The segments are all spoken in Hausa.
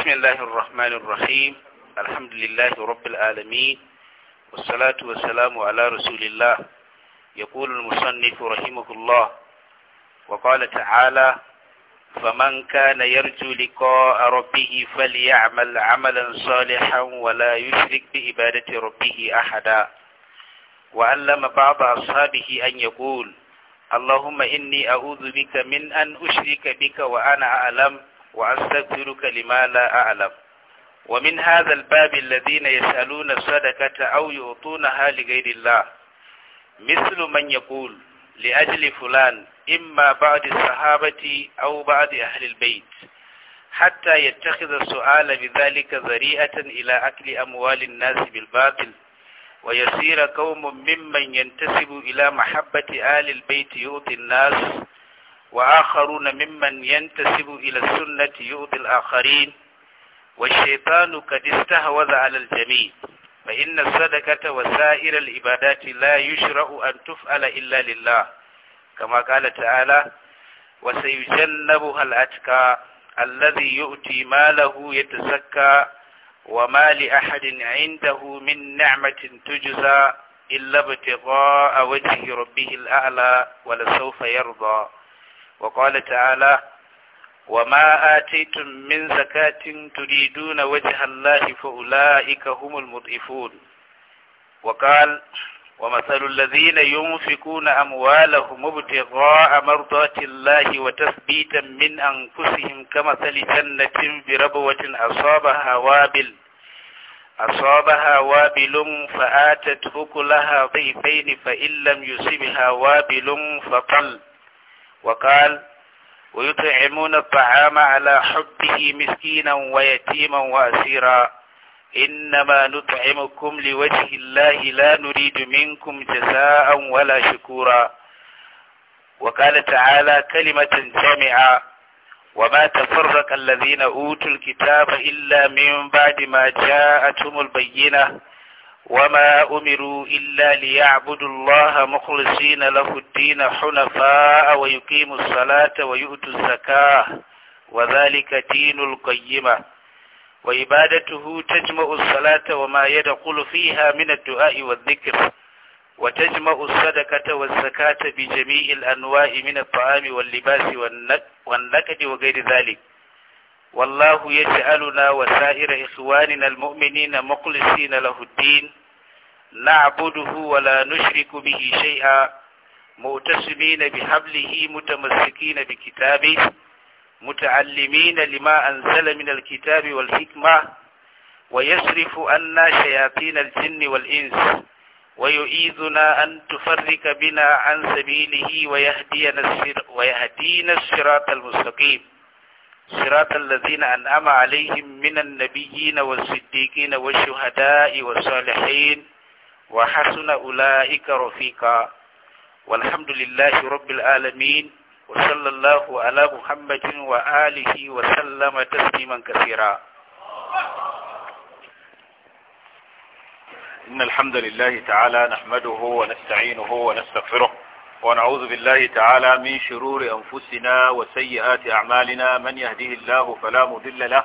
بسم الله الرحمن الرحيم الحمد لله رب العالمين والصلاة والسلام على رسول الله يقول المصنف رحمه الله وقال تعالى فمن كان يرجو لقاء ربه فليعمل عملا صالحا ولا يشرك بعبادة ربه أحدا وعلم بعض أصحابه أن يقول اللهم إني أعوذ بك من أن أشرك بك وأنا أعلم وأستغفرك لما لا أعلم ومن هذا الباب الذين يسألون الصدقة أو يعطونها لغير الله مثل من يقول لأجل فلان إما بعد الصحابة أو بعد أهل البيت حتى يتخذ السؤال بذلك ذريعة إلى أكل أموال الناس بالباطل ويصير قوم ممن ينتسب إلى محبة آل البيت يؤطي الناس وآخرون ممن ينتسب إلى السنة يؤذي الآخرين والشيطان قد استهوذ على الجميع فإن الصدقة وسائر العبادات لا يشرع أن تفعل إلا لله كما قال تعالى وسيجنبها الأتقى الذي يؤتي ماله يتزكى وما لأحد عنده من نعمة تجزى إلا ابتغاء وجه ربه الأعلى ولسوف يرضى وقال تعالى وما آتيتم من زكاة تريدون وجه الله فأولئك هم المضعفون وقال ومثل الذين ينفقون أموالهم ابتغاء مرضات الله وتثبيتا من أنفسهم كمثل جنة بربوة أصابها وابل أصابها وابل فآتت أكلها ضيفين فإن لم يصبها وابل فقل وقال ويطعمون الطعام على حبه مسكينا ويتيما وأسيرا إنما نطعمكم لوجه الله لا نريد منكم جزاء ولا شكورا وقال تعالى كلمة جامعة وما تفرق الذين أوتوا الكتاب إلا من بعد ما جاءتهم البينة وما أمروا إلا ليعبدوا الله مخلصين له الدين حنفاء ويقيموا الصلاة ويؤتوا الزكاة وذلك دين القيمة وعبادته تجمع الصلاة وما يدخل فيها من الدعاء والذكر وتجمع الصدقة والزكاة بجميع الأنواع من الطعام واللباس والنكد وغير ذلك والله يجعلنا وسائر إخواننا المؤمنين مخلصين له الدين نعبده ولا نشرك به شيئا مؤتسمين بحبله متمسكين بكتابه متعلمين لما أنزل من الكتاب والحكمة ويصرف عنا شياطين الجن والإنس ويؤيذنا أن تفرق بنا عن سبيله ويهدينا, ويهدينا الصراط المستقيم صراط الذين أنعم عليهم من النبيين والصديقين والشهداء والصالحين وحسن أولئك رفيقا والحمد لله رب العالمين وصلى الله على محمد وآله وسلم تسليما كثيرا إن الحمد لله تعالى نحمده ونستعينه ونستغفره ونعوذ بالله تعالى من شرور أنفسنا وسيئات أعمالنا من يهده الله فلا مضل له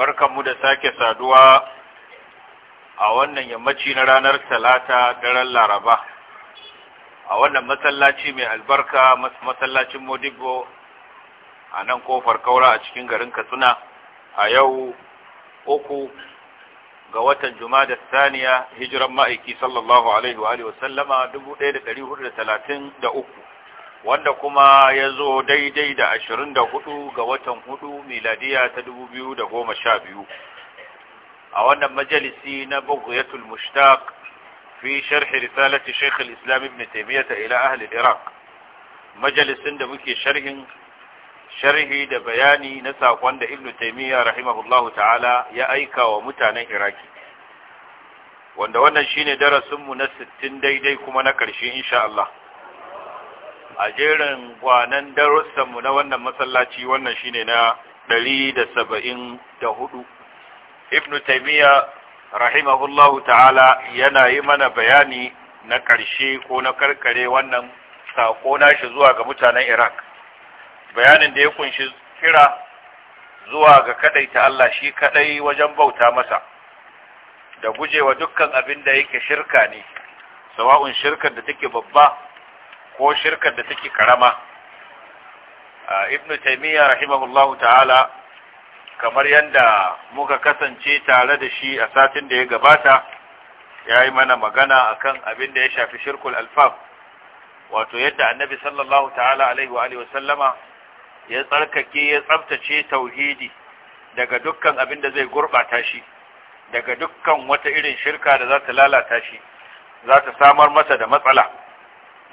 barkanmu da sake saduwa a wannan yammaci na ranar talata daren laraba a wannan masallaci mai albarka masallacin modibo a nan kofar kaura a cikin garin katsina a yau uku ga watan jumada saniya hijiran ma'aiki sallallahu alaihi wa sallama 1433 wanda kuma ya zo daidai da 24 ga watan 4 miladiya ta 2012 a wannan majalisi na bughyatul mushtaq fi sharhi risalati shaykh al-islam ibn taymiyyah ila ahli iraq majalisin da muke sharhin sharhi da bayani na sakon da ibn taymiyyah rahimahullahu ta'ala ya aika wa mutanen iraki wanda wannan shine darasinmu na 60 daidai kuma na ƙarshe insha Allah a jerin kwanan darussanmu na wannan masallaci wannan shine na hudu. ibnu taimiyya rahimahullahu ta'ala yana yi mana bayani na ƙarshe ko na karkare wannan sako nashi zuwa ga mutanen iraq bayanin da ya kunshi kira zuwa ga kadaita Allah shi kaɗai wajen bauta masa da gujewa dukkan abin da yake shirka ne sawa'un shirkar da take babba ko shirkar da take karama ibnu taymiya rahimahullahu ta'ala kamar yadda muka kasance tare da shi a satin da ya gabata ya yi mana magana akan abin da ya shafi shirkul alfaf wato yadda annabi sallallahu ta'ala alaihi wa alihi wasallama ya tsarkake ya tsabtace tauhidi daga dukkan abin da zai gurbata shi daga dukkan wata irin shirka da za ta lalata shi za ta samar masa da matsala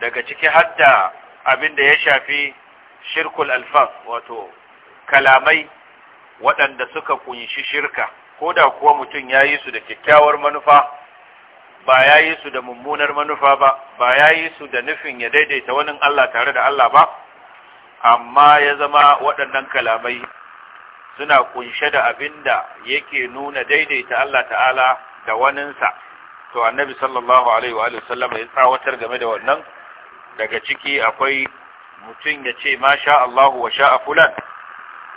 daga ciki hadda abin da ya shafi shirkul alfaf wato kalamai waɗanda suka kunshi shirka ko da kuwa mutum ya yi su da kyakkyawar manufa ba ya yi su da mummunar manufa ba ba ya yi su da nufin ya daidaita wani Allah tare da Allah ba amma ya zama waɗannan kalamai suna kunshe da abin da yake nuna daidaita Allah ta'ala da waninsa to annabi sallallahu alaihi wa sallam ya tsawatar game da wannan daga ciki akwai mutum ya ce ma sha Allahu wa sha'a fulan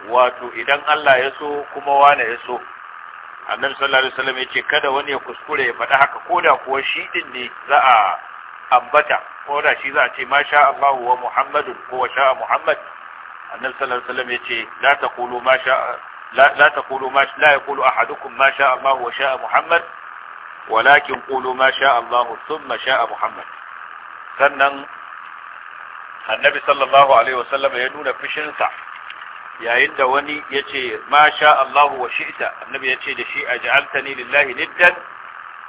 wato idan Allah ya so kuma wane ya so annabi sallallahu alaihi wasallam yace kada wani ya kuskure ya faɗi haka koda kuwa shi din ne za a ambata koda shi za a ce ma sha Allahu wa Muhammadun ko wa sha'a Muhammad annabi sallallahu alaihi wasallam yace la taqulu ma sha la la taqulu ma la yaqulu ahadukum ma sha Allahu wa sha'a Muhammad walakin qulu ma sha Allahu thumma sha'a Muhammad sannan annabi sallallahu alaihi wasallam ya nuna fushinsa yayin da wani ya ce ma sha Allahu wa shi'ta annabi ya ce da shi a ja'altani lillahi niddan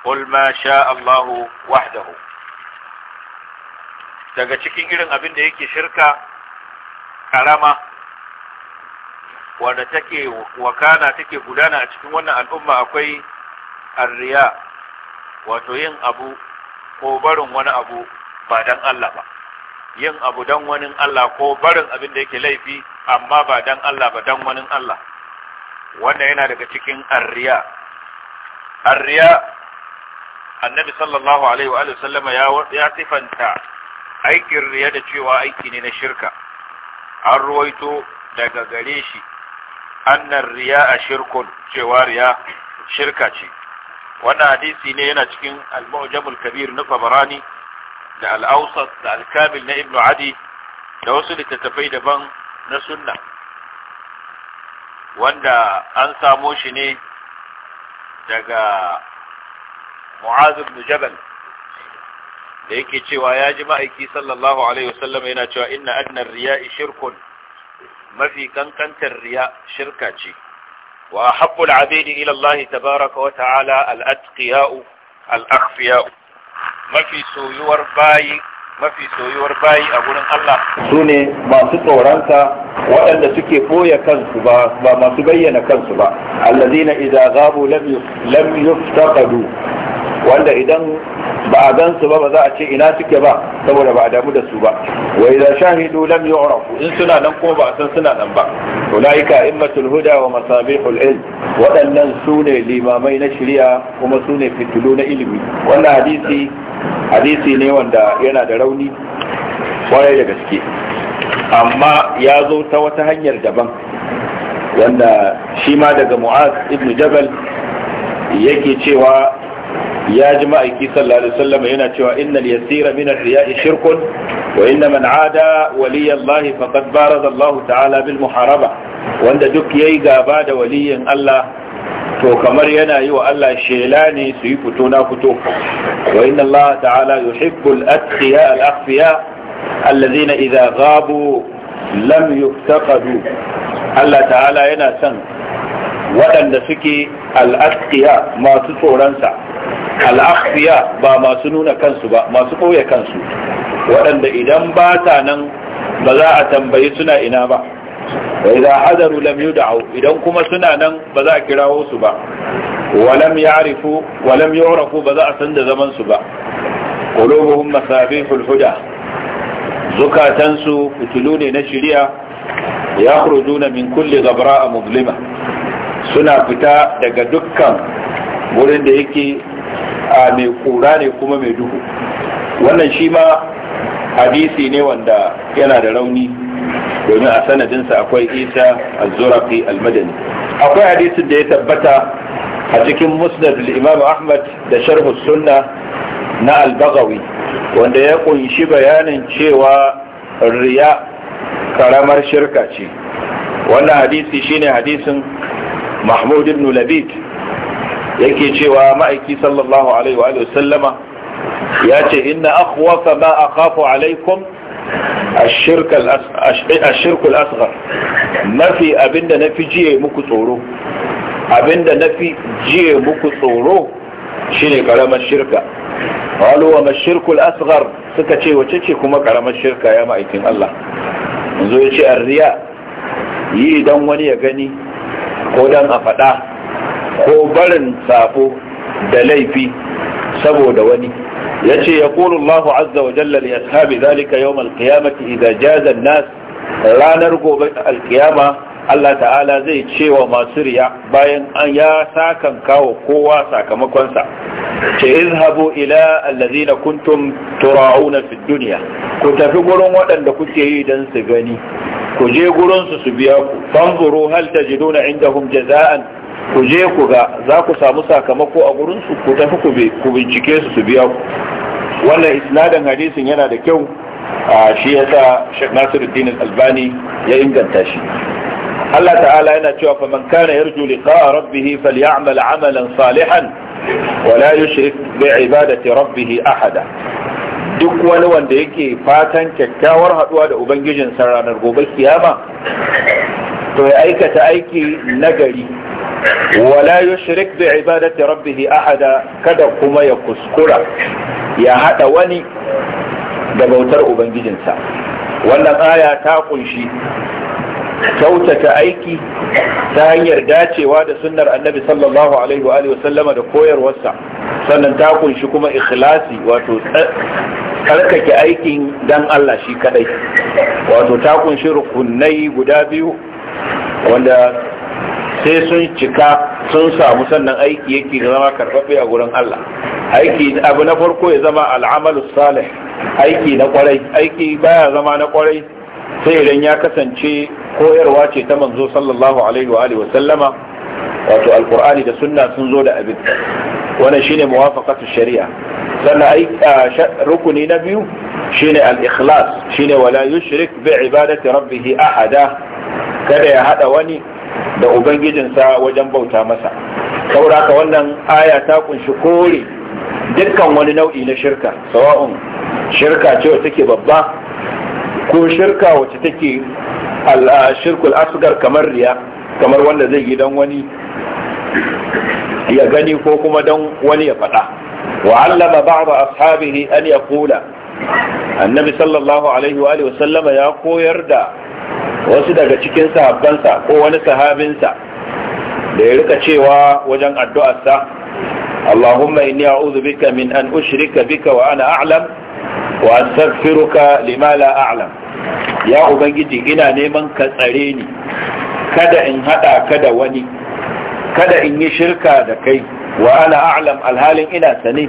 qul ma sha Allahu wahdahu daga cikin irin abin da yake shirka karama wanda take wakana take gudana a cikin wannan al'umma akwai arriya wato yin abu ko barin wani abu ba dan Allah ba yin abu don wani Allah ko barin abin da yake laifi amma ba don Allah ba don wani Allah wannan yana daga cikin arriya arriya annabi sallallahu alaihi wa sallama ya sifanta aikin riya da cewa aiki ne na shirka an ruwaito daga gare shi annan riya a shirkun cewa riya shirka ce wannan hadisi ne yana cikin al-mu'jamul kabir na tabarani da al'ausat da alkamil na ibnu adi da wasu littattafai daban na sunna wanda an samo shi ne daga mu'az jabal da yake cewa ya ji ma'aiki sallallahu alaihi wasallam yana cewa inna adnar riya'i shirkun mafi kankantar riya shirka ce wa habbul abidi ila Allah tabaraka wa ta'ala al mafi soyuwar bayi mafi soyuwar bayi a gurin Allah su ne masu tsoronsa waɗanda suke ɓoye kansu ba masu bayyana kansu ba allazina idza ghabu lam yuftaqadu wanda idan ba a gan su ba ba za a ce ina suke ba saboda ba a damu da su ba wa idza shahidu lam yu'rafu in suna nan kuma ba san suna nan ba ulaika immatul huda wa masabihul ilm waɗannan su ne limamai na shari'a kuma su ne fitilu na ilimi wannan hadisi hadisi ne wanda yana da rauni kwarai da gaske amma ya zo ta wata hanyar daban wanda shi ma daga mu'az ibnu jabal yake cewa ya ji ma'aiki sallallahu alaihi wasallam yana cewa innal yasira min ar-riya'i shirkun wa inna man 'ada waliya Allah faqad baraza Allah ta'ala bil muharaba wanda duk yayi gaba da waliyin Allah to kamar yana yi wa Allah shela su yi fito na fito wa inna Allah ta'ala yuhibbul atqiya al-akhfiya alladhina idha ghabu lam yuftaqadu Allah ta'ala yana son waɗanda suke al'askiya masu tsoronsa Al'afiya ba masu nuna kansu ba masu ɓoye kansu waɗanda idan ba ta nan ba za a tambayi suna ina ba wa idza hadaru da yud'u idan kuma suna nan ba za a kirawo su ba wa lam ya'rifu wa lam yu'rafu ba za a san da zaman su ba qulubuhum masabihul fulfuda zukatansu fitilu ne na shirya, shari'a yakhrujuna min gabra a muzlima suna fita daga dukkan wurin da yake a mai kura ne kuma mai duhu wannan shi ma hadisi ne wanda yana da rauni domin a sanadinsa akwai isa al-zurafi al-madani akwai hadisin da ya tabbata a cikin musnad al-imam ahmad da sharhu sunna na al-bagawi wanda ya kunshi bayanin cewa riya karamar shirka ce wannan hadisi shine hadisin mahmud ibn labid yake cewa ma'aiki sallallahu alaihi wa sallama ya ce inna akhwafa ma akhafu alaikum ashirku al'asghar mafi abinda na fi jiye muku tsoro abinda na fi jiye muku tsoro shine karamar shirka walu wa mashirku al'asghar suka ce wace ce kuma karamar shirka ya ma'aikin Allah yanzu ya ce riya yi idan wani ya gani ko dan a faɗa ko barin sabo da laifi saboda wani yace yaqulu Allahu azza wa jalla li ashabi zalika yawm al-qiyamati idza nas ranar gobe al Allah ta'ala zai ce wa masu riya bayan an ya sakan kawo kowa sakamakonsa ce izhabu ila allazina kuntum tura'una fid ku tafi gurin waɗanda kuke yi dan su gani ku je gurinsu su biya ku fanzuru hal inda indahum jaza'an ku je ku ga za ku samu sakamako a gurinsu ku tafi ku bincike su su biya ku wannan isnadin hadisin yana da kyau a shi ya sa Sheikh Nasiruddin Albani ya inganta shi Allah ta'ala yana cewa fa man kana yarju liqa'a rabbih falyamal 'amalan salihan wa la yushrik bi ibadati rabbih ahada duk wani wanda yake fatan kyakkyawar haduwa da ubangijinsa ranar gobe kiyama to ya aikata aiki nagari wala yushrik bi ibadati rabbih ada kada kuma ya kuskura ya hada wani da bautar ubangijinsa wannan aya ta kunshi kyautata aiki ta hanyar dacewa da sunnar annabi sallallahu da koyarwarsa sannan ta kunshi kuma ikhlasi wato tsarkake aikin dan Allah shi kadai wato ta kunshi rukunai guda biyu wanda sai sun cika sun samu sannan aiki yake zama karfafe a gurin Allah aiki abu na farko ya zama al'amalu salih aiki na kwarai aiki baya zama na kwarai sai idan ya kasance koyarwa ce ta manzo sallallahu alaihi wa alihi wa sallama wato alqur'ani da sunna sun zo da abin wannan shine muwafaqatu shari'a sannan rukuni na biyu shine al-ikhlas shine wala yushrik bi ibadati rabbih ahada kada ya hada wani da ubangijinsa wajen bauta masa saboda ka wannan aya ta kunshi kore dukkan wani nau'i na shirka sawa'un shirka ce wacce take babba ko shirka wacce take shirkul asugar kamar riya kamar wanda zai yi don wani ya gani ko kuma don wani ya faɗa wa'allama ba'da ashabihi an yaqula annabi sallallahu alaihi wa sallama ya koyar da wasu daga cikin sahabbansa ko wani sahabinsa da ya rika cewa wajen addu'arsa Allahumma inni a'udhu bika min an ushrika bika wa ana a'lam wa astaghfiruka lima la a'lam ya ubangiji ina neman ka tsare ni kada in hada ka da wani kada in yi shirka da kai wa ana a'lam alhalin ina sane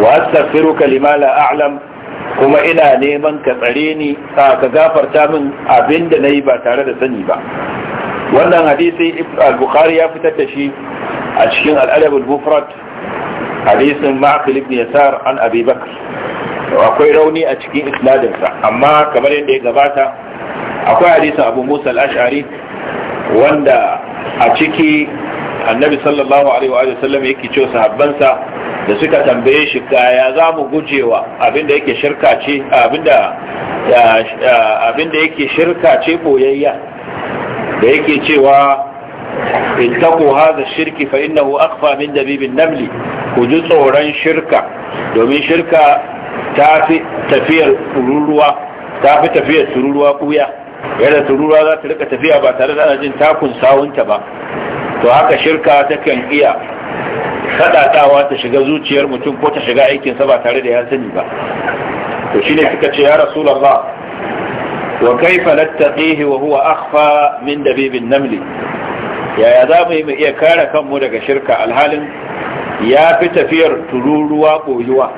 wa astaghfiruka lima la a'lam kuma ina neman ka tsare ni ka gafarta min abin da na yi ba tare da sani ba wannan hadisi al-bukhari ya fitar da shi a cikin al al-mufrad hadisin ma'qil ibn yasar an abi bakr akwai rauni a cikin isnadinsa amma kamar yadda ya gabata akwai hadisin abu musa al-ash'ari wanda a ciki annabi sallallahu alaihi wa sallam yake cewa sahabbansa da suka tambaye shi kaya za mu gujewa abinda yake shirka ce abinda abinda yake shirka ce boyayya da yake cewa ittaqu hadha shirki fa innahu akhfa min dabibin namli ku ji tsoron shirka domin shirka ta fi tafiyar tururuwa ta fi tafiyar tururuwa kuya yadda tururuwa za ta rika tafiya ba tare da ana jin takun sawunta ba to haka shirka ta kan iya kaɗaɗawa ta shiga zuciyar mutum ko ta shiga aikinsa ba tare da ya sani ba to shine suka ce ya rasulullah wa kaifa nattaqihi wa huwa akhfa min dabibin namli yaya za mu yi mu iya kare kanmu daga shirka alhalin ya fi tafiyar tururuwa koyuwa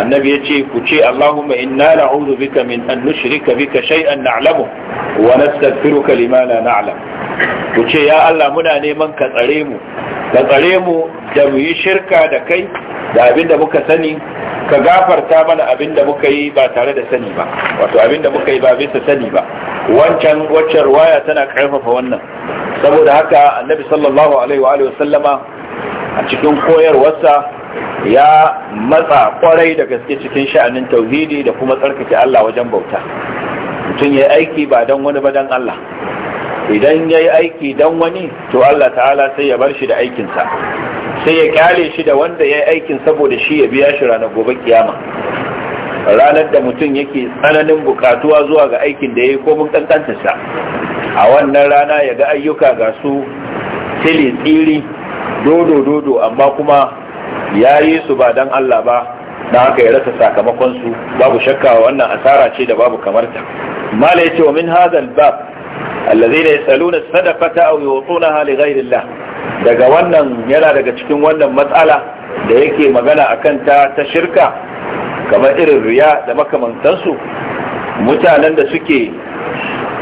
annabi ya ce ku ce Allahumma inna na'udhu bika min an nushrika bika shay'an na'lamu wa nastaghfiruka lima la na'lam ku ce ya Allah muna neman ka tsare mu ka tsare mu da mu yi shirka da kai da abin da muka sani ka gafarta mana abin da muka yi ba tare da sani ba wato abin da muka yi ba bisa sani ba wancan waccan ruwaya tana karfafa wannan saboda haka annabi sallallahu alaihi wa alihi a cikin koyarwarsa ya matsa kwarai da gaske cikin sha'anin tauhidi da kuma tsarkake Allah wajen bauta mutum ya aiki ba don wani ba don Allah idan ya yi aiki don wani to Allah ta'ala sai ya bar shi da aikinsa sai ya kyale shi da wanda ya yi aikin saboda shi ya biya shi ranar gobe kiyama ranar da mutum yake tsananin bukatuwa zuwa ga aikin da ya yi komin kankantarsa a wannan rana ya ga ayyuka ga su tili tsiri dodo dodo amma kuma ya yi su ba don Allah ba na aka ya rasa sakamakon su babu shakka wannan asara ce da babu kamarta mala ce wa min hadal bab alladhina yasaluna sadaqata aw yutunaha li ghayri Allah daga wannan yana daga cikin wannan matsala da yake magana akan ta ta shirka kamar irin riya da makamantansu mutanen da suke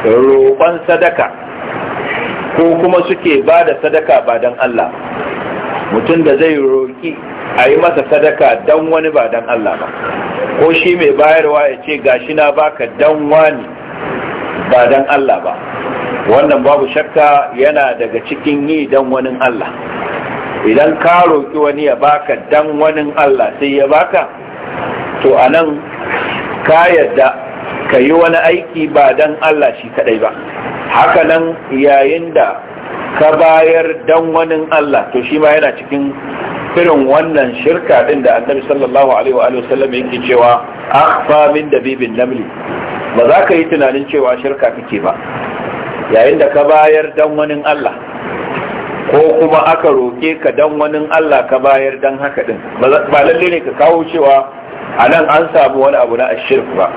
roƙon sadaka ko kuma suke ba da sadaka ba don Allah mutum da zai roƙi a yi masa sadaka don wani ba don Allah ba ko shi mai bayarwa ya ce shi na baka don wani ba don Allah ba wannan babu shakka yana daga cikin yi don wani Allah idan ka roƙi wani ya baka don wani Allah sai ya baka to a nan ka yadda ka yi wani aiki ba don Allah shi kadai ba hakanan yayin da ka bayar dan wani Allah to shi ma yana cikin irin wannan shirka din da annabi sallallahu alaihi wa sallam yake cewa akhfa min dabibin namli ba za ka yi tunanin cewa shirka kake ba yayin da ka bayar dan wani Allah ko kuma aka roke ka dan wani Allah ka bayar dan haka din ba lalle ne ka kawo cewa a nan an samu wani abu na ashirk ba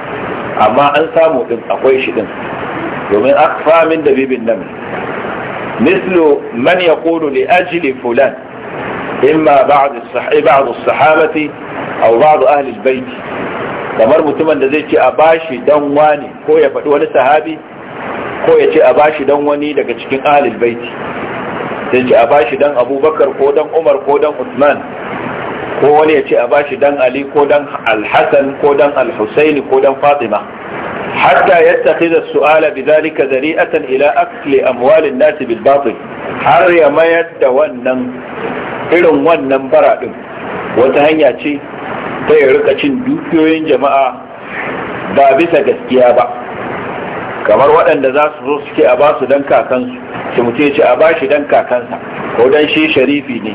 amma an samu din akwai shi din domin akfa min dabibin namli مثل من يقول لأجل فلان إما بعض, الصح... بعض الصحابة أو بعض أهل البيت kamar mutumin da zai ce a bashi dan wani ko ya faɗi wani sahabi ko ya ce a bashi dan wani daga cikin ahlul baiti zai ce a bashi dan abubakar ko dan umar ko dan usman ko wani ya ce a bashi dan ali ko dan alhassan ko dan alhusaini ko dan fatima hatta yattakhidha as-su'ala bidhalika zari'atan ila akli amwal an-nas bil batil har ya mayar da wannan irin wannan bara din wata hanya ce ta ya rika cin dukiyoyin jama'a ba bisa gaskiya ba kamar waɗanda za su zo suke a basu dan kakansu su mutum ya ce a bashi dan kakansa ko dan shi sharifi ne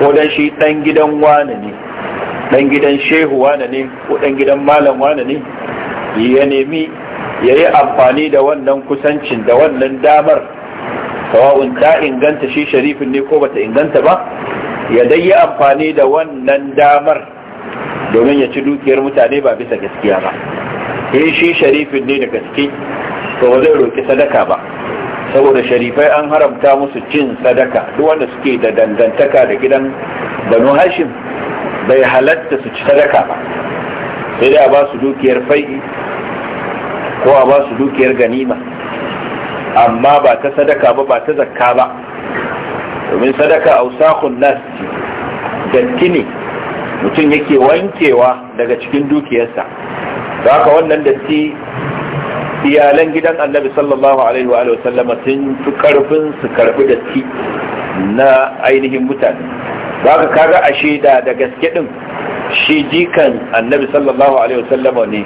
ko dan shi dan gidan wane ne dan gidan shehu wane ne ko dan gidan malam wane ne ya nemi ya yi amfani da wannan kusancin da wannan damar sawa'un ta inganta shi sharifin ne ko bata inganta ba ya dai yi amfani da wannan damar domin ya ci dukiyar mutane ba bisa gaskiya ba in shi sharifin ne da gaske to ba zai roki sadaka ba saboda sharifai an haramta musu cin sadaka duk wanda suke da dangantaka da gidan banu hashim bai halatta su ci sadaka ba sai dai a ba su dukiyar fai ko a ba su dukiyar ganima amma ba ta sadaka ba ba ta zakka ba domin sadaka ausakun nas ce datti ne mutum yake wankewa daga cikin dukiyarsa da haka wannan datti iyalan gidan annabi sallallahu alaihi wa sallama sun fi karfin su karbi da ci na ainihin mutane ba ka kaga a shaida da gaske din shi jikan annabi sallallahu alaihi wa ne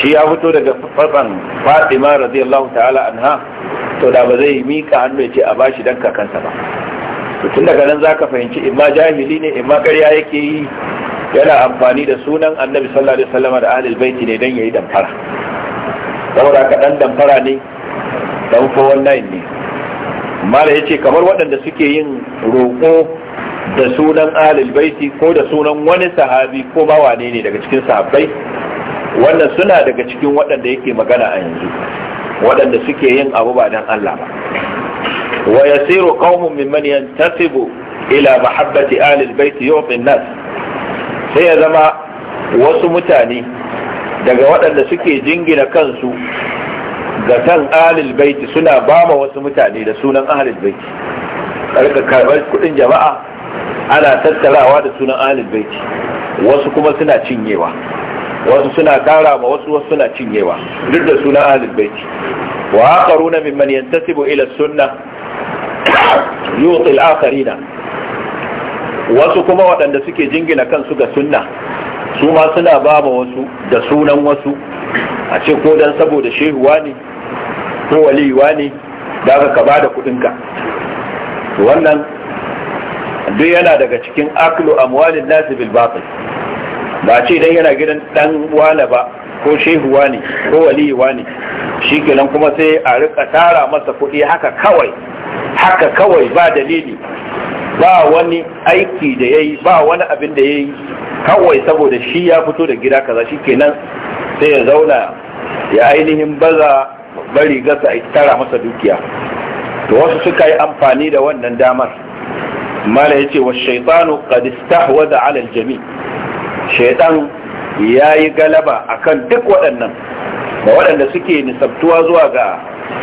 shi ya fito daga fatsan fatima radiyallahu ta'ala anha to da ba zai mika hannu ya ce a bashi dan kakansa ba tun daga nan zaka fahimci imma jahili ne imma ƙarya yake yi yana amfani da sunan annabi sallallahu alaihi da ahlul baiti ne dan yayi damfara saboda ka dan damfara ne dan 419 ne mala yace kamar waɗanda suke yin roƙo da sunan alil baiti ko da sunan wani sahabi ko ba wane ne daga cikin sahabbai wannan suna daga cikin waɗanda yake magana a yanzu waɗanda suke yin abu ba dan Allah ba wa yasiru qaumun mimman yantasibu ila mahabbati alil baiti yu'ti nas sai ya zama wasu mutane daga waɗanda suke jingina kansu ga san ahalil baiti suna ma wasu mutane da sunan ahalil baiti ƙarƙa karɓar kuɗin jama'a ana tattarawa da sunan ahalil baiti wasu kuma suna cinyewa wasu suna kara ma wasu wasu suna cinyewa duk da sunan ahalil baiti wa na mimman yantasibu ila suna yuti al-akharina wasu kuma waɗanda suke jingina kansu ga sunna su ma suna ba ma wasu da sunan wasu a ce ko dan saboda shehuwa ne ko waliyuwa ne da aka ka ba da kudinka wannan duk yana daga cikin aklu amwalin nasi bil batil ba ce dan yana gidan dan wala ba ko shehuwa ne ko waliyuwa ne shi kenan kuma sai a rika tara masa kuɗi haka kawai haka kawai ba dalili ba wani aiki da ya yi ba wani abin da ya yi kawai saboda shi ya fito da gida kaza shi kenan sai ya zauna ya ainihin baza bari gasa a tara masa dukiya to wasu suka yi amfani da wannan damar mala ya ce wa shaitanu qad istahwaza ala aljami shaitan ya yi galaba a kan duk waɗannan da waɗanda suke nisabtuwa zuwa ga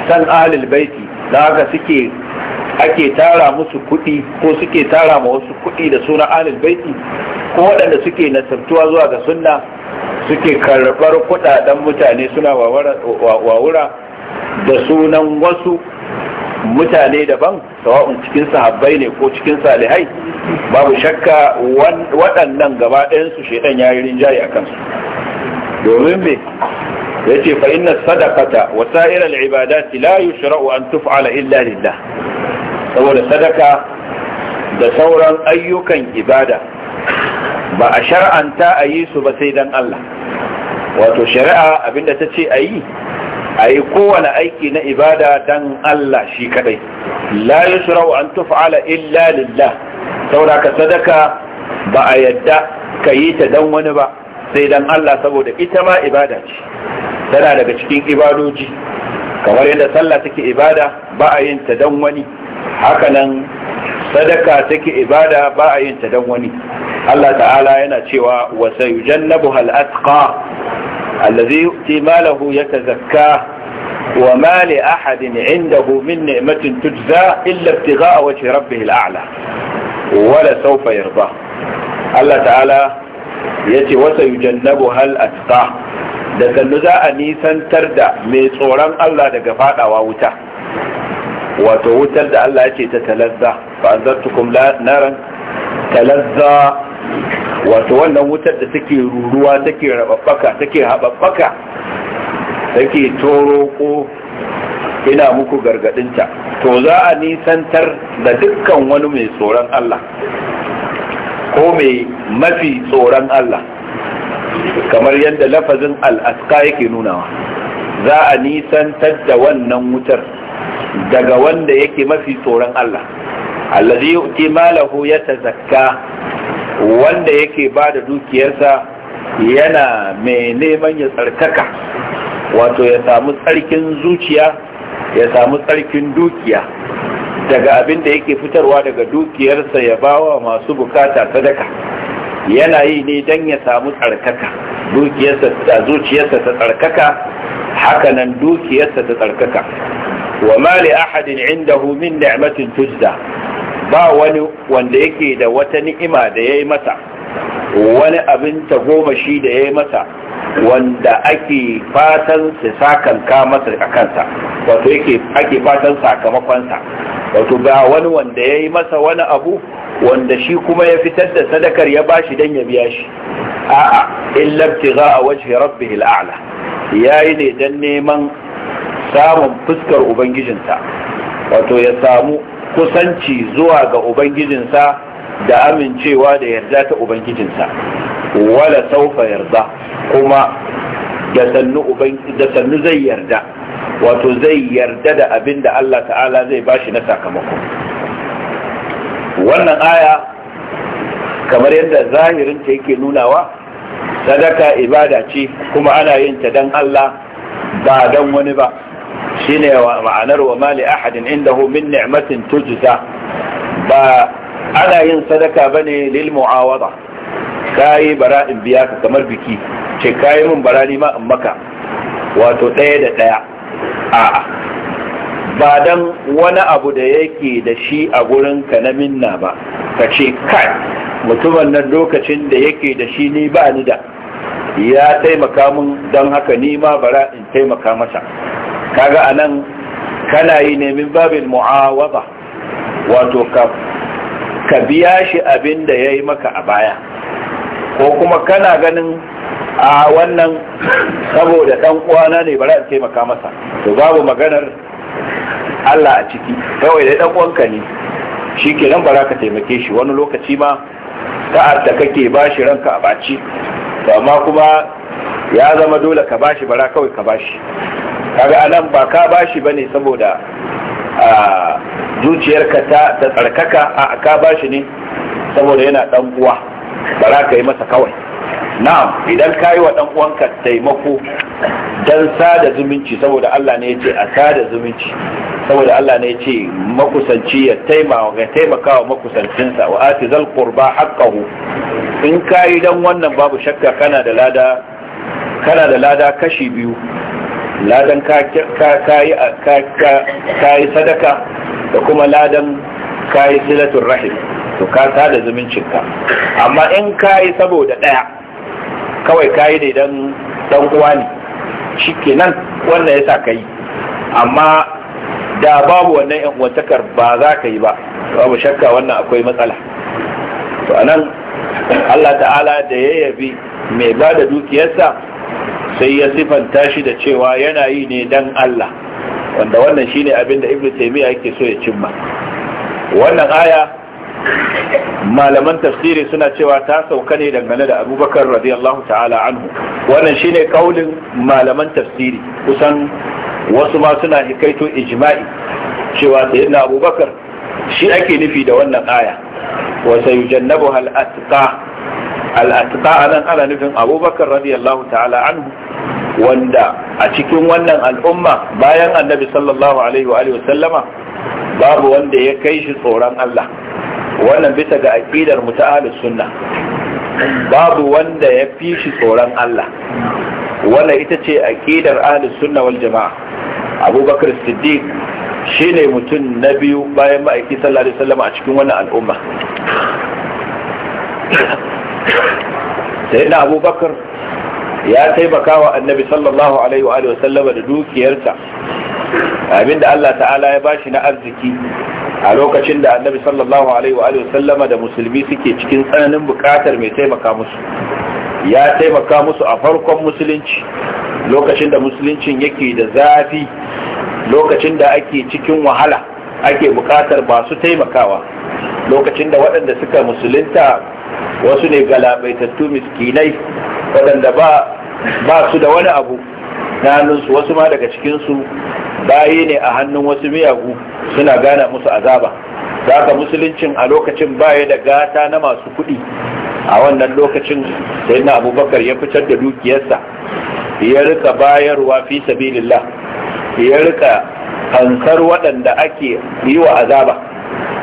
san alil baiti da haka suke ake tara musu kuɗi ko suke tara ma wasu kuɗi da suna alil baiti ko waɗanda suke nisabtuwa zuwa ga sunna suke karɓar kuɗaɗen mutane suna wawura da sunan wasu mutane daban sawa'un cikin sahabbai ne ko cikin salihai babu shakka waɗannan gaba ɗayansu shaidan ya yi rinjaye a kansu domin me ya ce fa inna sadakata, wa sa'iral ibadati la yushra'u an tuf'ala illa lillah saboda sadaka da sauran ayyukan ibada ba a shar'anta a yi su ba sai dan Allah wato shari'a abinda ta ce a yi a yi kowane aiki na ibada don Allah shi kadai la yi an tuf'ala illa lillah saboda ka sadaka ba a yadda ka yi ta don wani ba sai don Allah saboda ita ma ibada ce tana daga cikin ibadoji kamar yadda sallah take ibada ba a yin ta don wani hakanan sadaka take ibada ba a yin ta don wani Allah ta'ala yana cewa wa sayujannabu hal atqa allazi yu'ti malahu yatazakka wa ma li ahadin 'indahu min ni'matin tujza illa ibtigha'a Allah ta'ala yace wasa yujannabu hal da sannu za a nisantar da mai tsoron Allah daga fadawa wuta wato wutar da Allah ya ta talazza wato wannan wutar da take ruruwa take rababbaka take hababbaka take toro ko ina muku gargadinta to za a nisantar da dukkan wani mai tsoron Allah ko mai mafi tsoron Allah kamar yadda lafazin al'aska yake nunawa za a nisantar da wannan wutar daga wanda yake mafi tsoron Allah allazi yu'ti malahu yatazakka wanda yake ba da dukiyarsa yana mai neman ya tsarkaka wato ya samu tsarkin zuciya ya samu tsarkin dukiya daga abin da yake fitarwa daga dukiyarsa ya bawa masu bukata sadaka yana yi ne don ya samu tsarkaka dukiyarsa zuciyarsa ta tsarkaka hakanan dukiyarsa ta tsarkaka wa mali ahadin indahu min ni'matin tujda ba wani wanda yake da wata ni'ima da ya yi masa wani abin ta goma shi da ya yi masa wanda ake fatan su sakanka masa a kansa wato ake fatan sakamakonsa wato ba wani wanda ya yi masa wani abu wanda shi kuma ya fitar da sadakar ya bashi don ya biya shi a'a illa za a wajhi rabbihi al'ala yi ne don neman samun fuskar ubangijinsa wato ya samu kusanci zuwa ga ubangijinsa da amincewa da yarda ta ubangijinsa wala saufa yarda kuma da sannu zai yarda wato zai yarda da abinda Allah ta'ala zai bashi na sakamako wannan aya kamar yadda zahirinta yake nunawa sadaka ibada ce kuma ana yin ta don Allah ba don wani ba shine ma'anar wa mali ahadin indahu min ni'matin tujza ba ana yin sadaka bane lil mu'awada kai bara'in biya ka kamar biki ce kai mun bara ni ma in maka wato daya da daya a'a ba dan wani abu da yake da shi a gurin ka na minna ba ka ce kai mutumin nan lokacin da yake da shi ni ba ni da ya taimaka mun don haka ni ma bara in taimaka masa kaga anan kana yi ne min babin mu'awaba wato ka biya shi abin da ya yi maka a baya ko kuma kana ganin a wannan saboda dan uwana ne bari in taimaka masa to babu maganar Allah a ciki kawai da dan uwanka ne shi ke nan bara ka taimake shi wani lokaci ma ta'ar da kake bashi ranka a baci to amma kuma ya zama dole ka bashi bara kawai ka bashi kaga anan ba ka bashi bane saboda a zuciyarka ta ta tsarkaka a ka bashi ne saboda yana dan uwa bara ka yi masa kawai na'am idan ka yi wa dan uwanka taimako dan sada zumunci saboda Allah ne yace a sada zumunci saboda Allah ne yace makusanci ya taimawa ga taimakawa makusancinsa wa atizal qurba haqqahu in ka yi dan wannan babu shakka kana da lada kana da lada kashi biyu ladan ka yi sadaka da kuma ladan ka yi silatun rahim to ka sada zumuncinka amma in ka yi saboda ɗaya kawai ka yi ne don ɗan uwa ne shi kenan wannan ya sa ka yi amma da babu wannan yan uwantakar ba za ka yi ba babu shakka wannan akwai matsala to anan Allah ta'ala da ya yabi mai ba da dukiyarsa sai ya sifanta shi da cewa yana yi ne dan Allah wanda wannan shine abin Ibn Taymiyyah yake so ya cimma wannan aya malaman tafsiri suna cewa ta sauka ne dangane da abubakar radiyallahu ta'ala anhu wannan shine kaulin malaman tafsiri kusan wasu ma suna hikaito ijma'i cewa sayyidina abubakar shi ake nufi da wannan aya wa sayujannabuha al a nan ana nufin abubakar radiyallahu ta'ala anhu wanda a cikin wannan al'umma bayan annabi sallallahu alaihi wa sallama babu wanda ya kai shi tsoron Allah wannan bisa ga aqidar muta'alis sunna babu wanda ya fi shi tsoron Allah wannan ita ce aƙidar ahlus sunna wal jamaa abubakar siddiq ne mutum na biyu bayan ma'aiki sallallahu alaihi wasallam a cikin wannan al'umma sai da abubakar ya taimaka wa annabi sallallahu alaihi wa sallama da dukiyarsa abinda Allah ta'ala ya bashi na arziki a lokacin da annabi sallallahu alaihi wa sallama da musulmi suke cikin tsananin bukatar mai taimaka musu ya taimaka musu a farkon musulunci lokacin da musuluncin yake da zafi lokacin da ake cikin wahala ake bukatar masu taimakawa lokacin da waɗanda suka musulunta wasu ne galabaitattu miskinai waɗanda ba su da wani abu na hannunsu wasu ma daga cikinsu bayi ne a hannun wasu miyagu suna gana musu azaba Za ka musuluncin a lokacin baya da gata na masu kuɗi a wannan lokacin sai na abubakar ya fitar da dukiyarsa ya rika bayarwa fi sabilillah ya rika Hansar waɗanda ake yi wa azaba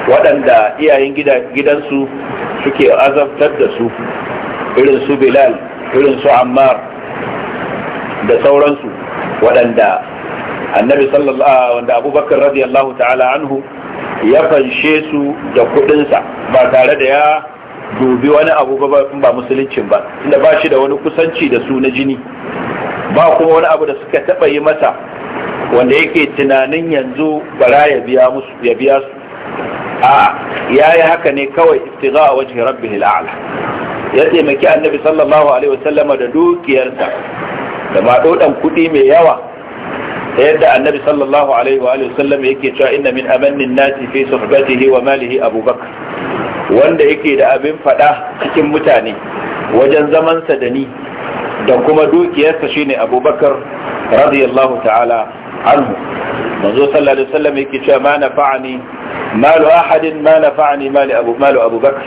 waɗanda iyayen gidansu suke azabtar da su irin su bilal irin su ammar da sauransu waɗanda annabi sallallahu wanda abubakar radiyallahu ta'ala anhu ya fanshe su da kuɗinsa ba tare da ya dubi wani abu ba musuluncin ba inda ba shi da wani kusanci da su na jini ba kuma wani abu da suka taɓa yi mata. wanda yake tunanin yanzu bara ya biya musu ya biya su a yayi haka ne kawai a wajhi rabbihil a'la ya taimaki annabi sallallahu alaihi wasallama da dukiyarsa da ma dodan kudi mai yawa da yadda annabi sallallahu alaihi wa alihi wasallam yake cewa inna min amannin nasi fi suhbatihi wa malihi abubakar wanda yake da abin fada cikin mutane wajen zamansa da ni da kuma dukiyarsa shine abubakar radiyallahu ta'ala anhu manzo sallallahu alaihi wasallam yake cewa ma nafa'ani malu ahadin ma nafa'ani mali abu malu abubakar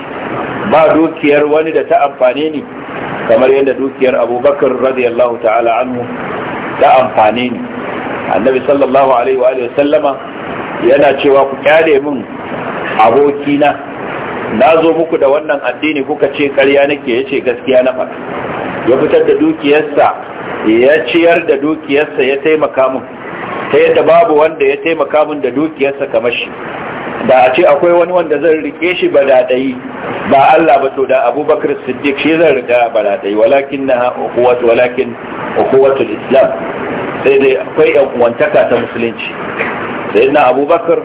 ba dukiyar wani da ta amfane ni kamar yadda dukiyar abubakar radiyallahu ta'ala anhu ta amfane ni annabi sallallahu alaihi wa sallama yana cewa ku kyale min aboki na zo muku da wannan addini kuka ce karya nake yace gaskiya na faɗa ya fitar da dukiyarsa ya ciyar da dukiyarsa ya taimaka min ta yadda babu wanda ya taimaka min da dukiyarsa kamar shi da a ce akwai wani wanda zan rike shi ba daɗayi ba Allah ba to da abubakar siddiq shi zan rika ba daɗayi walakin na hukuwatu walakin hukuwatul islam sai dai akwai yan uwantaka ta musulunci sai na abubakar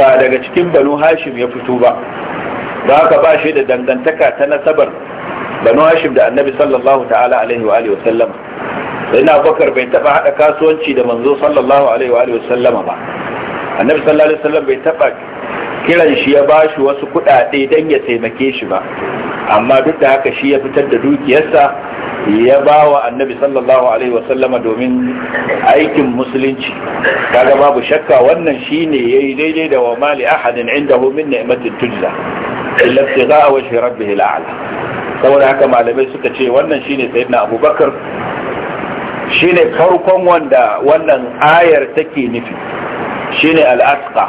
ba daga cikin banu hashim ya fito ba ba haka ba shi da dangantaka ta nasabar banu hashim da annabi sallallahu ta'ala alaihi wa alihi wa sallama sayyidina abubakar bai taba hada kasuwanci da manzo sallallahu alaihi wa sallama ba annabi sallallahu alaihi wasallam bai taba kiran shi ya bashi wasu kudade dan ya taimake shi ba amma duk da haka shi ya fitar da dukiyarsa ya ba wa annabi sallallahu alaihi sallama domin aikin musulunci kaga babu shakka wannan shine yayi daidai da wa mali ahadin indahu min ni'matin tujza illa ibtigha'a wajhi rabbih ala saboda haka malamai suka ce wannan shine sayyidina abubakar shine farkon wanda wannan ayar take nufi shine al'asqa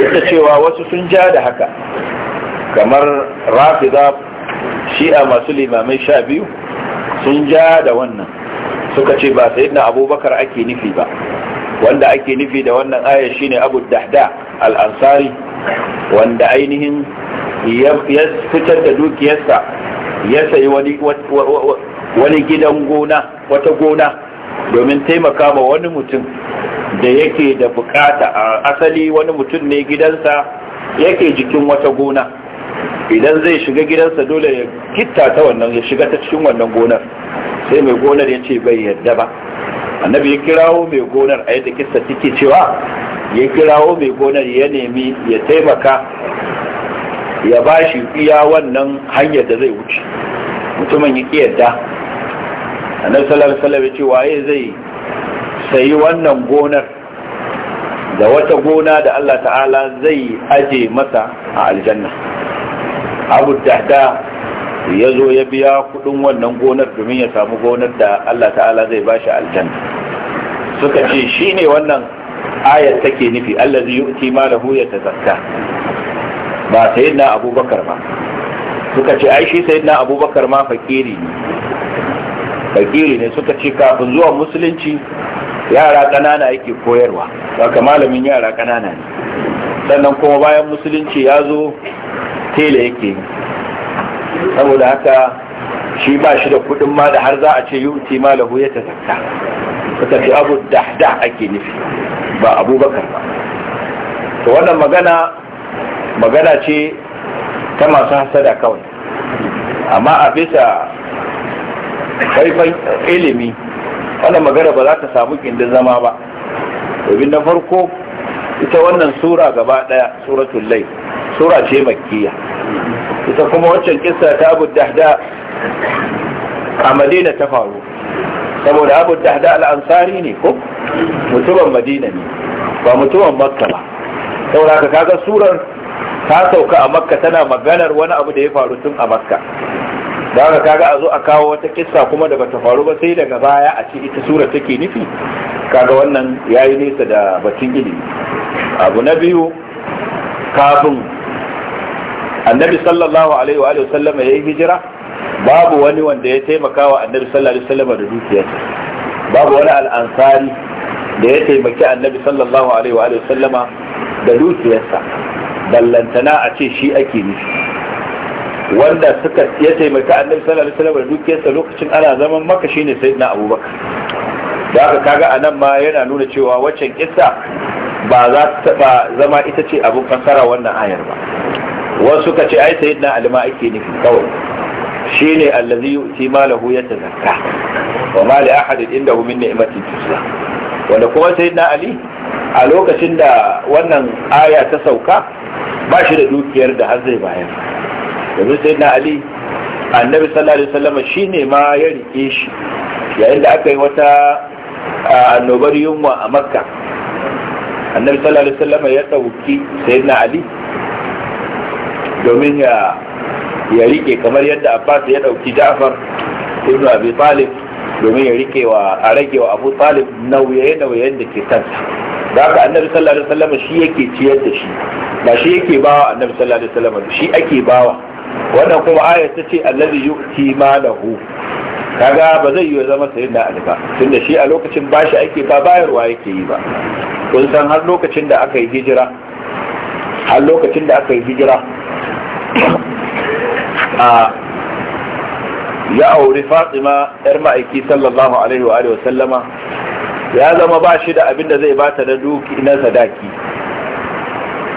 ita cewa wasu sun ja da haka kamar Rafi rafida shi'a masu limamai sha biyu sun ja da wannan suka ce ba sai na abubakar ake nufi ba wanda ake nufi da wannan ayar shine abu dahda al'ansari wanda ainihin ya fitar da dukiyarsa ya sayi wani wani gidan gona wata gona domin taimaka ma wani mutum da yake da bukata a asali wani mutum ne gidansa yake jikin wata gona idan zai shiga gidansa dole ya kitta ta wannan ya shiga ta cikin wannan gonar sai mai gonar ya ce bai yadda ba annabi ya kirawo mai gonar a yadda kista take cewa ya kirawo mai gonar ya nemi ya taimaka ya ba shi iya wannan hanyar da zai wuce mutumin ya ki yadda annabi sallallahu ya ce waye zai sayi wannan gonar da wata gona da Allah ta'ala zai aje masa a aljanna abu dahda ya zo ya biya kudin wannan gonar domin ya samu gonar da Allah ta'ala zai bashi aljanna suka ce shi ne wannan ayar take nufi allazi yu'ti malahu yatazakka ba sayyidina abubakar ba suka ce ai shi sayyidina abubakar ma fakiri ne fakiri ne suka ce kafin zuwa musulunci yara ƙanana yake koyarwa haka malamin yara ƙanana ne sannan kuma bayan musulunci ya zo tela yake yi saboda haka shi ba shi da kudin ma da har za a ce yi ma lahu ya tazarta suka ce abu da ake nufi ba abubakar ba to wannan magana magana ce ta masu hasada kawai amma a bisa faifan ilimi wannan magana ba za ta samu kindin zama ba domin na farko ita wannan sura gaba daya suratul lai sura ce makkiya ita kuma waccan kissa ta abu dahda a madina ta faru saboda abu dahda al'ansari ne ko mutumin madina ne ba mutumin makka ba saboda haka kaga surar ta sauka a makka tana maganar wani abu da ya faru tun a makka da haka kaga a zo a kawo wata kissa kuma da bata faru ba sai daga baya a ce ita sura take nufi kaga wannan yayi nesa da batun ilimi abu na biyu kafin annabi sallallahu alaihi wa sallama yayi hijira babu wani wanda ya taimaka wa annabi sallallahu alaihi sallama da dukiyarsa babu wani al'ansari da ya taimaki annabi sallallahu alaihi sallama da dukiyarsa ballantana a ce shi ake nufi wanda suka ya taimaka annabi sallallahu alaihi wasallam dukiyarsa lokacin ana zaman maka shine sayyidina abubakar da aka kaga anan ma yana nuna cewa waccan kissa ba za ta taba zama ita ce abin fassara wannan ayar ba wasu suka ce ai sayyidina alima ake nufi kawai shine allazi yu'ti malahu tazakka wa ma li ahad indahu min ni'mati tusla wanda kuma sayyidina ali a lokacin da wannan aya ta sauka ba shi da dukiyar da har zai bayar yanzu sai na ali annabi sallallahu alaihi wasallam shine ma ya rike shi yayin da aka yi wata annobar yunwa a makka annabi sallallahu alaihi wasallam ya dauki na ali domin ya ya rike kamar yadda abbas ya dauki ja'far ibn abi talib domin ya rike wa a rage wa abu talib nauye nauyen da ke kansa da haka annabi sallallahu alaihi wasallam shi yake ciyar da shi ba shi yake bawa annabi sallallahu alaihi wasallam shi ake bawa wannan kuma Aya ta ce allazi yu'ti malahu kaga ba zai yi zama sayin da ali tunda shi a lokacin bashi ake ba bayarwa yake yi ba kun san har lokacin da aka yi hijira har lokacin da aka yi hijira a ya auri fatima yar ma'aiki sallallahu alaihi wa sallama ya zama ba shi da abin da zai bata da duki na sadaki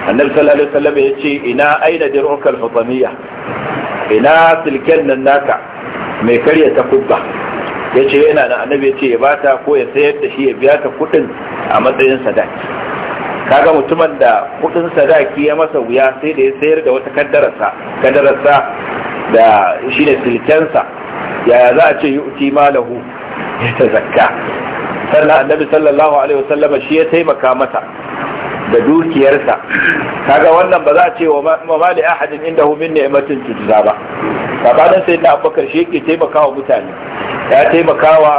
annabi sallallahu alaihi wasallam ya ce ina aina dir'ukal fatamiyya ina silken nan naka mai karya ta kubba ya ce yana nan annabi ya ce ya bata ko ya sayar da shi ya biya ta kudin a matsayin sadaki kaga mutumin da kudin sadaki ya masa wuya sai da ya sayar da wata kaddararsa kaddararsa da shi ne silkensa yaya za a ce yi uti malahu ya ta zakka sannan annabi sallallahu alaihi wasallama shi ya taimaka mata da dukiyarsa kaga wannan ba za a ce wa mali ahadin indahu min ni'matin tujza ba sabanin sai da abubakar shi yake taimakawa mutane ya taimakawa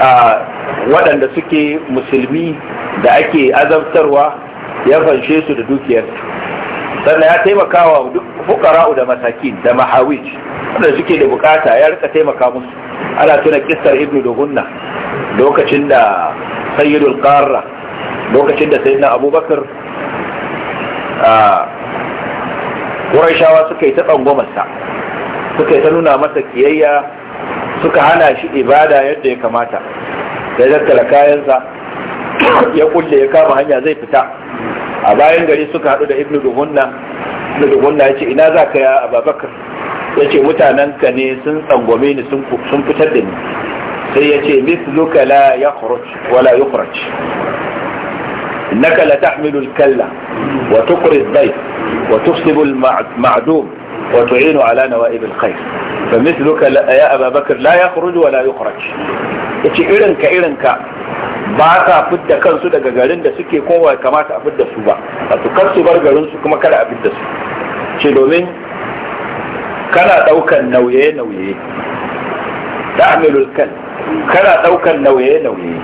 a waɗanda suke musulmi da ake azabtarwa ya fanshe su da dukiyarsu sannan ya taimakawa duk fukara'u da masakin da mahawij wanda suke da bukata ya rika taimaka musu ana tuna kistar ibnu duhunna lokacin da sayyidul qarra lokacin da na abubakar a ƙuraishawa suka yi ta tsangwamarsa suka yi ta nuna masa kiyayya suka hana shi ibada yadda ya kamata ya tattara kayansa ya kulle ya kama hanya zai fita a bayan gari suka haɗu da ibnu duhunna ibnu duhunna ya ce ina za ka a Babakar? ya ce mutanenka ne sun tsangwame ni sun fitar da ni sai ya ce misluka la ya wala yukhraj انك لتحمل الكلة وتقري الضيف وتفسب المعدوم وتعين على نوائب الخير فمثلك يا أبا بكر لا يخرج ولا يخرج اتي إرنك إرنك باكا فد كان صدق قالين دا سكي كوا كما تأفد السوبا فتكت سوبر قالين سوك ما كان أفد السوبا شي دومين كان أتوكا نويه نويه تعمل الكل كان أتوكا نويه نويه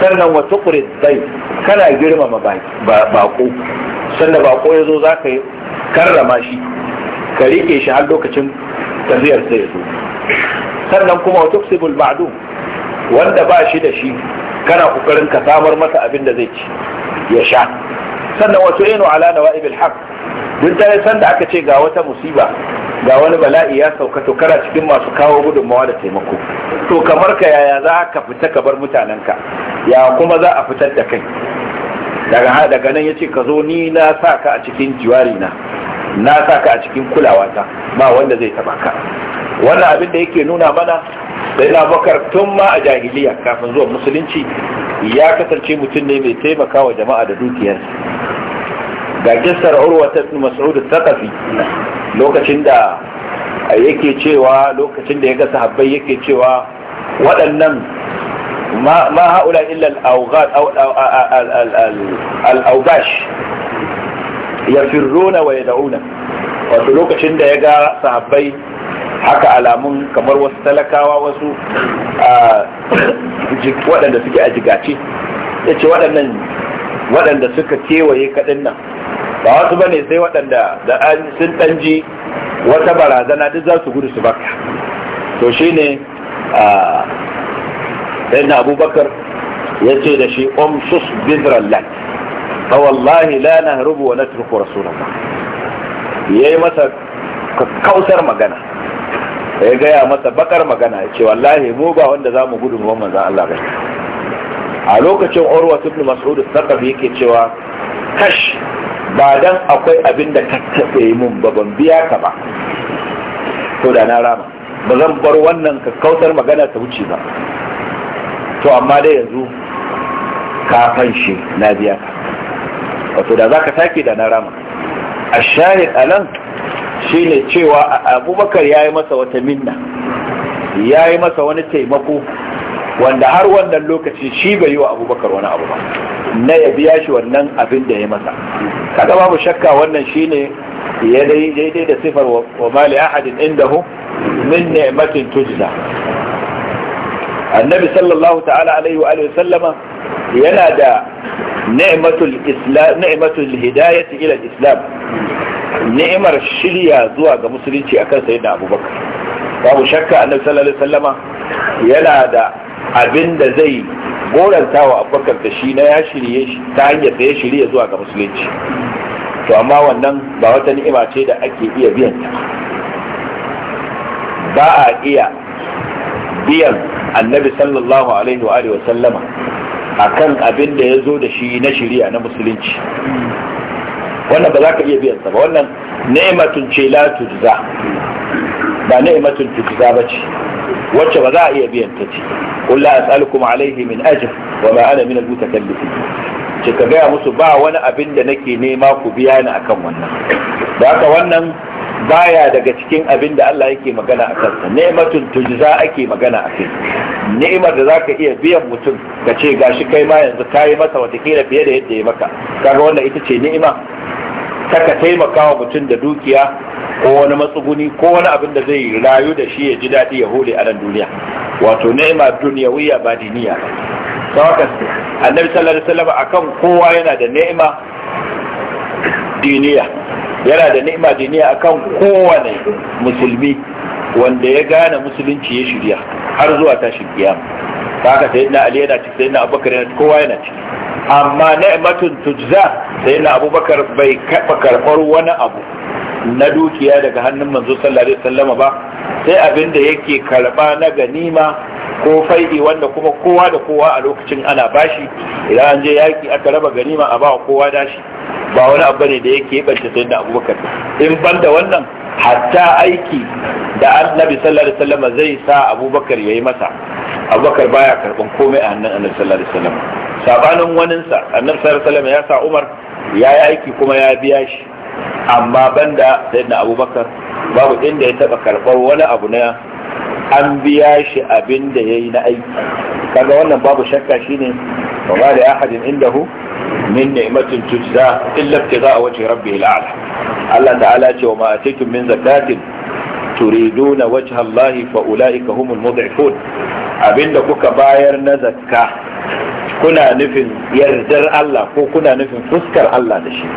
sannan wa zai dai kana girmama bako sannan bako yazo zaka karrama shi ka rike shi har lokacin tafiyar sai yazo sannan kuma wa tuksibul wanda ba shi da shi kana kokarin ka samar masa abin da zai ci ya sha sannan wato inu ala wa'ibil haq duk dare sanda aka ce ga wata musiba ga wani bala'i ya sauka to kara cikin masu kawo gudunmawa da taimako to kamar ka yaya za ka fita ka bar mutanenka ya kuma za a fitar da kai daga daga nan yace ka zo ni na sa ka a cikin jiwari na na sa ka a cikin kulawata ba wanda zai taba ka wannan abin da yake nuna mana sai na bakar tun ma a jahiliya kafin zuwa musulunci ya kasance mutum ne mai taimaka wa jama'a da dukiyarsa ga kisar urwa ta mas'ud taqafi lokacin da yake cewa lokacin da ya ga sahabbai yake cewa waɗannan ma haula illa al-awgash yafirruna wa da'una. wato lokacin da ya ga sahabbai haka alamun kamar wasu talakawa wasu waɗanda suke a jigace ya ce waɗanda suka kewaye kaɗin nan ba wasu ba ne sai waɗanda da an sun ɗanji wata barazana duk za su gudu su baka to shi ne ɗan abubakar ya ce da shi omsus bidrallat ba wallahi lana rubu wa ba, ya yi masa kausar magana ya gaya masa bakar magana ya ce wallahi mu ba wanda za mu gudu mu manzan Allah ba a lokacin urwa ibn mas'ud sakabi yake cewa kash ba dan akwai abin da tattabe mun ba ban biya ka ba to da na rama ba zan bar wannan kakkautar magana ta wuce ba to amma dai yanzu kafan shi na biya ka wato da zaka take da na rama a shahid alan shine cewa abubakar ya yi masa wata minna ya yi masa wani taimako wanda har wannan lokaci shi bai yi wa abubakar wani abu ba na ya biya shi wannan abin da ya masa kaga babu shakka wannan shine ya daidai da sifar wa mali ahadin indahu min ni'matin tujza annabi sallallahu ta'ala alaihi wa sallama yana da ni'matul islam ni'matul hidayati ila islam ni'imar shirya zuwa ga musulunci akan da abubakar babu shakka annabi sallallahu alaihi wasallama yana da abin da zai goranta wa abubakar da shi na ya shirye shi ta hanyar da ya shirya zuwa ga musulunci to amma wannan ba wata ni'ima ce da ake iya biyan ta ba a iya biyan annabi sallallahu alaihi wa alihi akan abin da ya zo da shi na shirya na musulunci wannan ba za ka iya biyan sa ba wannan ni'matun ce la tujza ba ni'matun tujza ba ce wacce ba za a iya biyan ta ce qul la as'alukum alayhi min ajr wa ma ana min al-mutakallifin ce ka gaya musu ba wani abin da nake nema ku biya ni akan wannan da ka wannan baya daga cikin abin da Allah yake magana a kansa ne'matun tujza ake magana a kai ni'imar da zaka iya biyan mutum ka ce gashi kai ma yanzu kai masa wata kira fiye da yadda ya maka kaga wannan ita ce ni'ima ta ka taimaka wa mutum da dukiya ko wani matsuguni ko wani abin da zai rayu da shi ya ji daɗi ya hole a nan duniya wato ni'ima duniyawiya ba diniya ba annabi sallallahu alaihi wasallam akan kowa yana da ni'ima diniya yana da ni'ima diniya akan kowane musulmi wanda ya gane musulunci ya shirya har zuwa tashin kiyama haka na ali yana ciki na abubakar yana kowa yana ciki amma ni'matun tujza na abubakar bai kafa karɓar wani abu na dukiya daga hannun manzo sallallahu alaihi wasallama ba sai abin da yake karba na ganima ko fai'i wanda kuma kowa da kowa a lokacin ana bashi idan an je yaki aka raba ganima a ba kowa dashi ba wani abu ne da yake bace sai da abubakar in da wannan hatta aiki da annabi sallallahu alaihi wasallam zai sa abubakar yayi masa abubakar baya karban komai a hannun annabi sallallahu alaihi wasallam sabanin sa annabi sallallahu alaihi wasallam ya sa umar ya yi aiki kuma ya biya shi amma banda sayyidina abubakar babu inda ya taba karban wani abu na an biya shi abin da ya yi na aiki kaga wannan babu shakka shine ne, ba da ahadin hu. min ni'matin tujza illa a wajhi Rabbi a'la Allah ta'ala ce wa ma atikum min zakatin turiduna wajha Allah fa ulaika humul mud'ifun abinda kuka bayar na zakka kuna nufin yardar Allah ko kuna nufin fuskar Allah da shi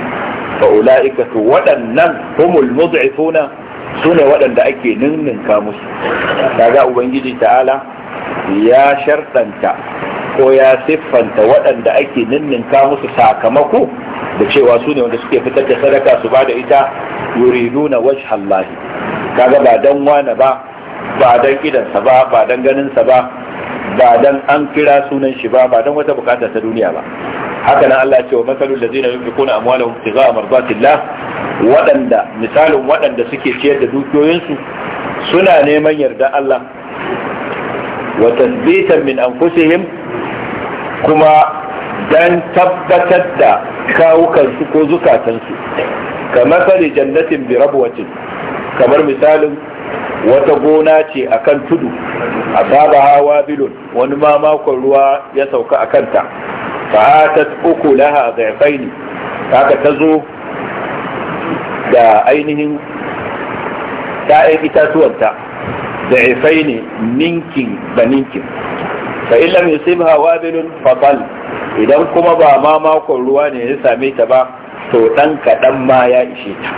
fa ulaika waɗannan humul mud'ifuna su ne waɗanda ake ninninka musu kaga ubangiji ta'ala ya shartanta ko ya siffanta waɗanda ake ninninka musu sakamako da cewa su ne wanda suke fitar da sadaka su ba da ita yuriduna wajhallahi kaga ba don wane ba ba don idansa ba ba don ganinsa ba ba don an kira sunan shi ba ba don wata bukata ta duniya ba haka nan Allah ce wa masalul ladina yunfiquna amwalahum tigaa mardatillah waɗanda misalin waɗanda suke ciyar da dukiyoyinsu suna neman yarda Allah wa tasbitan min anfusihim kuma don tabbatar da kawukansu ko zukatansu ka sali jannatin bi kamar misalin wata gona ce akan tudu a Babu hawa bilon wani makon ruwa ya sauka a kanta fa'atat uku laha dhaifaini ta zo da ainihin ta'ai itatuwanta dhaifaini ninkin baninkin fa mai lam yusibha wabilun fatal idan kuma ba ma makon ruwa ne ya same ta ba to ɗan kaɗan ma ya ishe ta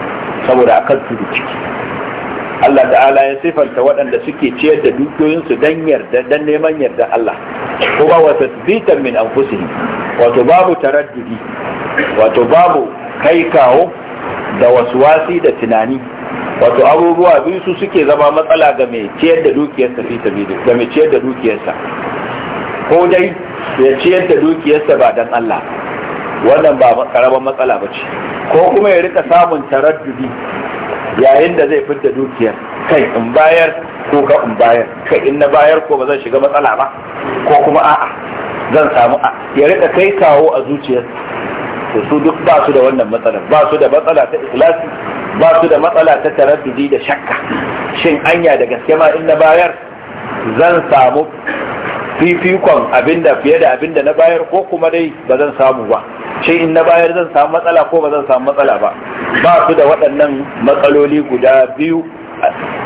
saboda kan tudu ciki Allah ta'ala ya sifanta waɗanda suke ciyar da dukiyoyinsu don yarda don neman yarda Allah kuma wa bitan min anfusihim wato babu taraddudi wato babu kai kawo da wasu wasi da tunani wato abubuwa biyu su suke zama matsala ga mai ciyar da dukiyarsa fi sabili ga mai ciyar da dukiyarsa ko dai ya ciyar da dukiyarsa ba dan Allah wannan ba karamar matsala ba ce ko kuma ya rika samun taraddudi yayin da zai fita dukiyar kai in bayar ko ka in bayar kai in na bayar ko ba zan shiga matsala ba ko kuma a'a zan samu a ya rika kai kawo a zuciyar to su duk ba su da wannan matsala ba su da matsala ta ikhlasi ba su da matsala ta taraddudi da shakka shin anya da gaske ma in na bayar zan samu fifikon abinda fiye da abinda na bayar ko kuma dai ba zan samu ba shi in na bayar zan samu matsala ko ba zan samu matsala ba ba su da waɗannan matsaloli guda biyu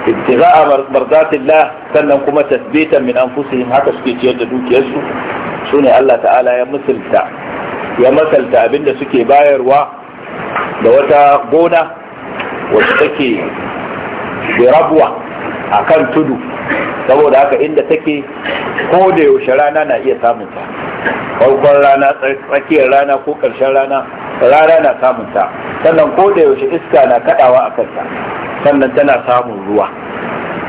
ibtiza'a mardatillah sannan kuma tasbitan min anfusihim haka suke ciyar da dukiyarsu sune Allah ta'ala ya misalta ya masalta abinda suke bayarwa da wata gona wacce take rabuwa a kan tudu saboda haka inda take ko da yaushe rana na iya samunta farkon rana tsakiyar rana ko ƙarshen rana rana na samunta sannan ko da yaushe iska na kadawa a kanta sannan tana samun ruwa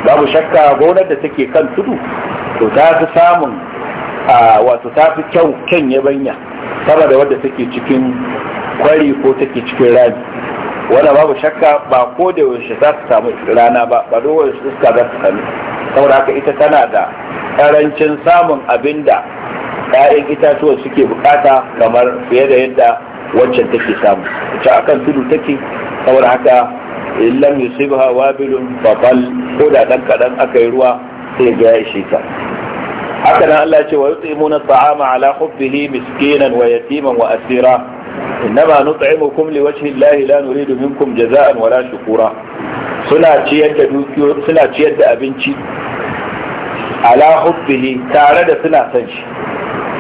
babu shakka gonar da take kan tudu to ta fi samun wato ta fi kyau kyan yabanya sama da wadda take cikin kwari ko take cikin rami wanda babu shakka ba ko da yaushe za ta samu rana ba ba da yaushe iska za ta sami saboda haka ita tana da karancin samun abin da 'ya'yan itatuwa suke bukata kamar fiye da yadda wancan take samu wacce akan tudu take saboda haka illam yusibha wabilun faqal ko da dan kadan aka yi ruwa sai ga ya ta haka nan Allah ya ce wa yutimuna ta'ama ala hubbihi miskinan wa yatiman wa asira innama nut'imukum liwajhi llahi la nuridu minkum jaza'an wala shukura suna ciyar da dukiyo suna ciyar da abinci ala hubbihi tare da suna san shi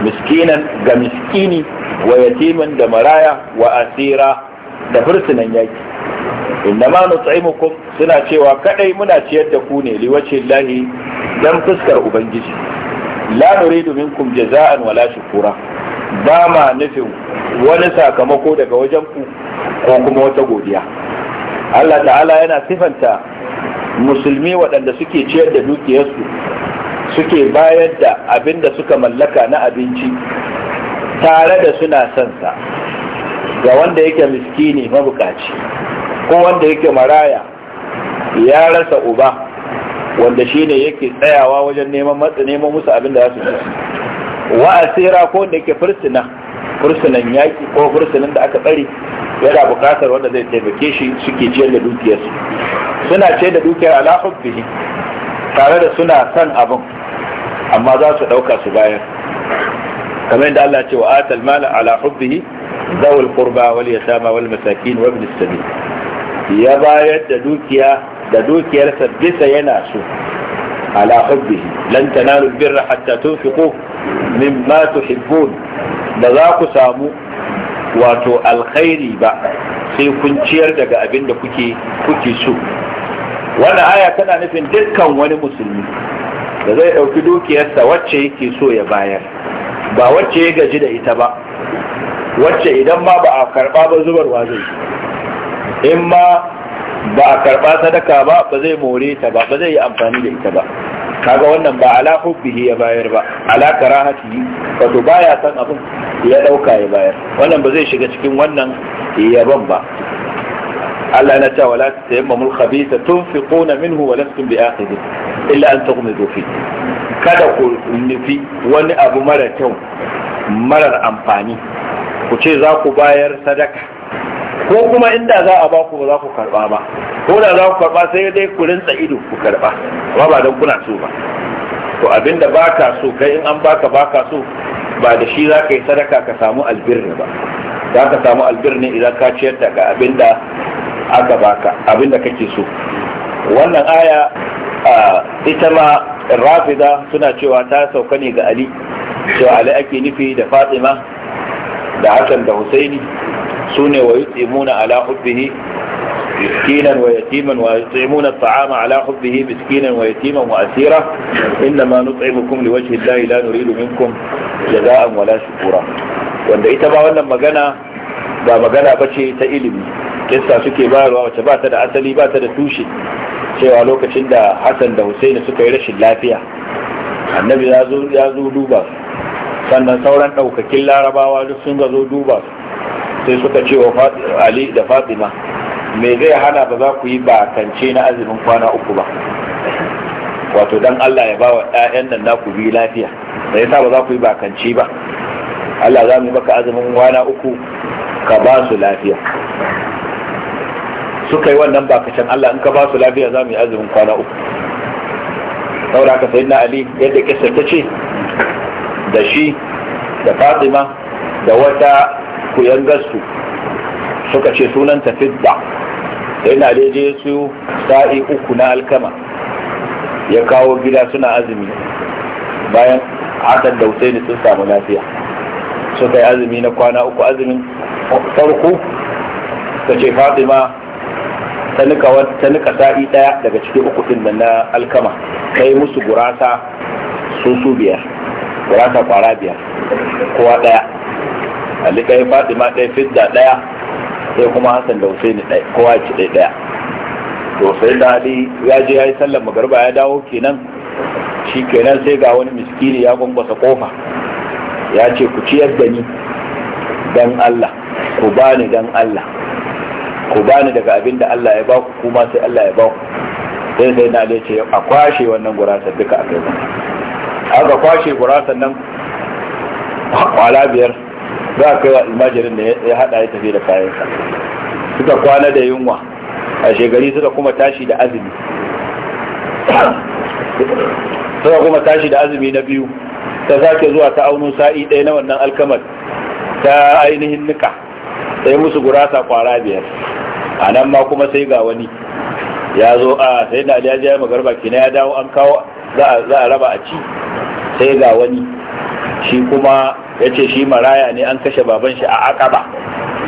miskinan ga miskini wa yatiman da maraya wa asira da fursunan yaki innama nut'imukum suna cewa kadai muna ciyar da ku ne liwajhi llahi dan fuskar ubangiji la nuridu minkum jaza'an wala shukura ba ma nufin wani sakamako daga wajen ku ko kuma wata godiya Allah ta'ala yana sifanta musulmi waɗanda suke ciyar da dukiyarsu suke bayar da abin da suka mallaka na abinci tare da suna sansa ga wanda yake miskini mabukaci ko wanda yake maraya ya rasa uba wanda shine yake tsayawa wajen neman musu abin da za su ci wa asira ko wanda yake fursuna fursunan yaki ko fursunan da aka tsare yana buƙatar wanda zai taimake shi suke ciyar da dukiyarsu suna ce da dukiyar ala hubbihi tare da suna son abin amma za su ɗauka su bayar kamar yadda Allah ce wa atal mala ala hubbihi zawul qurba wal yatama wal masakin wa ibn sabil ya bayar da dukiya da dukiyarsa bisa yana so على حبه لن تنالوا البر حتى تنفقوا مما تحبون لذاك سامو واتو الخير با sai kun ciyar daga abin da kuke kuke so wannan aya tana nufin dukkan wani musulmi da zai ɗauki dukiyarsa wacce yake so ya bayar ba wacce ya gaji da ita ba wacce idan ma ba a karɓa ba zubarwa zai in ma ba a karba sadaka ba ba zai more ta ba ba zai yi amfani da ita ba kaga wannan ba ala hubbihi ya bayar ba ala ba to baya san abin ya dauka ya bayar wannan ba zai shiga cikin wannan yaban ba Allah yana cewa la tayammamul khabitha tunfiquna minhu wa lastum bi'akhidhi illa an tughmidu fi kada ku nufi wani abu mara kyau marar amfani ku ce za ku bayar sadaka ko kuma inda za a ba ku ba za ku karba ba ko da za ku karba sai dai ku rinsa ido ku karba amma ba don kuna so ba to abinda baka so kai in an baka baka so ba da shi za ka yi sadaka ka samu albirni ba za ka samu albirni idan ka ciyar da ga abinda aka baka abinda kake so wannan aya ita ma rafida suna cewa ta sauka ne ga ali cewa ali ake nufi da fatima da hassan da husaini su ne wa yutimuna ala hubbihi miskinan wa yatiman wa yutimuna at'ama ala hubbihi miskinan wa yatiman wa asira innama nut'imukum liwajhi llahi la nuridu minkum jaza'an wala shukura wanda ita ba wannan magana ba magana bace ta ilimi kissa suke bayarwa wace ba ta da asali ba ta da tushe cewa lokacin da Hassan da Hussein suka yi rashin lafiya annabi ya zo duba sannan sauran ɗaukakin larabawa duk sun ga zo duba su sai suka ce wa ali da fatima me zai hana ba za ku yi bakance na azumin kwana uku ba wato dan allah ya ba wa 'ya'yan nan naku biyu lafiya da yasa ba za ku yi bakance ba allah za mu maka azumin kwana uku ka ba su lafiya suka yi wannan bakacin allah in ka ba su lafiya za mu yi azumin kwana uku saboda haka na ali yadda kisa ta ce da shi da fatima da wata ku yangarsu suka ce sunanta fidda yana daidai su sa'i uku na alkama ya kawo gida suna azumi bayan hakan da husaini sun samu lafiya suka yi azumi na kwana uku azumin farko ta ce fatima ta nika sa'i daya daga cikin uku din na alkama kai musu gurasa su su biyar gurasa kwara biyar kowa daya ali ɗaya fatima ɗaya fidda ɗaya sai kuma hassan da Hussein ɗaya kowa ci ɗaya ɗaya to sai da ali ya je ya yi sallar magarba ya dawo kenan shi kenan sai ga wani miskini ya gwangwasa kofa ya ce ku ciyar da ni dan Allah ku bani dan Allah ku bani daga abin da Allah ya baku kuma sai Allah ya baku sai sai na ce a kwashe wannan gurasar duka a kai aka kwashe gurasar nan kwala biyar za a kai wa almajirin da ya hada ya tafi da kayansa suka kwana da yunwa a shegari suka kuma tashi da azumi suka kuma tashi da azumi na biyu ta sake zuwa ta aunu sa'i ɗaya na wannan alkamar ta ainihin nika sai musu gurasa kwara biyar a nan ma kuma sai ga wani ya zo a sai da aliyar ya magarba kina ya dawo an kawo za a raba a ci sai ga wani shi kuma ya ce shi maraya ne an kashe baban shi a akaba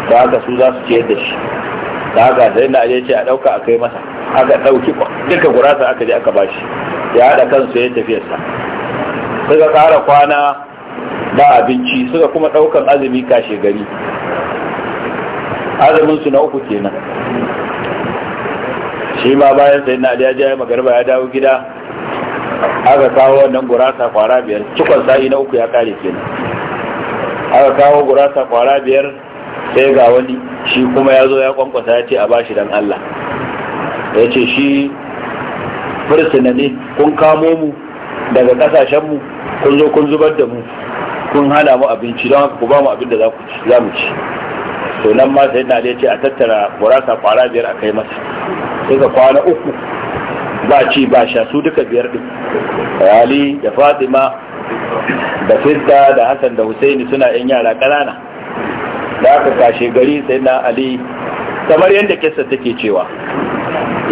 ta haka su za su ciyar da shi ta haka sai na aje ce a ɗauka a kai masa aka ɗauki duka gurasa aka je aka bashi ya haɗa kansu ya tafiyarsa suka ƙara kwana ba abinci suka kuma ɗaukan azumi kashe gari azuminsu na uku kenan shi ma bayan sai na ya je magarba ya dawo gida aka kawo wannan gurasa kwara biyar cikon sa'i na uku ya kare kenan aka kawo gurasa kwara biyar sai ga wani shi kuma ya zo ya kwankwasa ya ce a bashi dan Allah ya ce shi fursuna ne kun kamo mu daga mu kun zo kun zubar da mu kun hana mu abinci don haka ku ba mu abin da za mu ci to nan ma sai na ce a tattara gurasa kwara biyar a kai masa sai ga kwana uku ba ci ba sha su duka biyar din ali da fatima da fidda da hassan da husaini suna yan yara ƙanana da aka kashe gari sai na ali kamar yadda kisa take cewa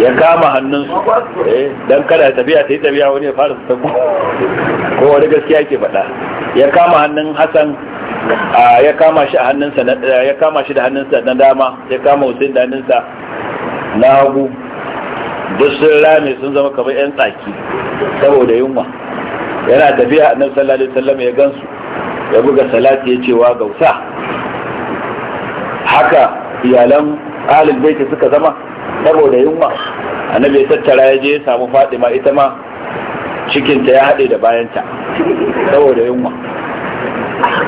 ya kama hannunsu eh, don kada tafiya ta yi tafiya wani ya fara su tabu ko wani gaskiya ke faɗa ya kama hannun hassan ya kama shi da hannunsa na dama ya kama hussein da hannunsa na hagu duk sun sun zama kamar yan tsaki saboda yunwa yana tafiya nan sallallahu alaihi sallama ya gansu ya buga salati ya cewa gausa haka iyalan alif baiti suka zama saboda yunwa annabi ya tattara ya je ya samu fatima ita ma cikinta ya haɗe da bayanta saboda yunwa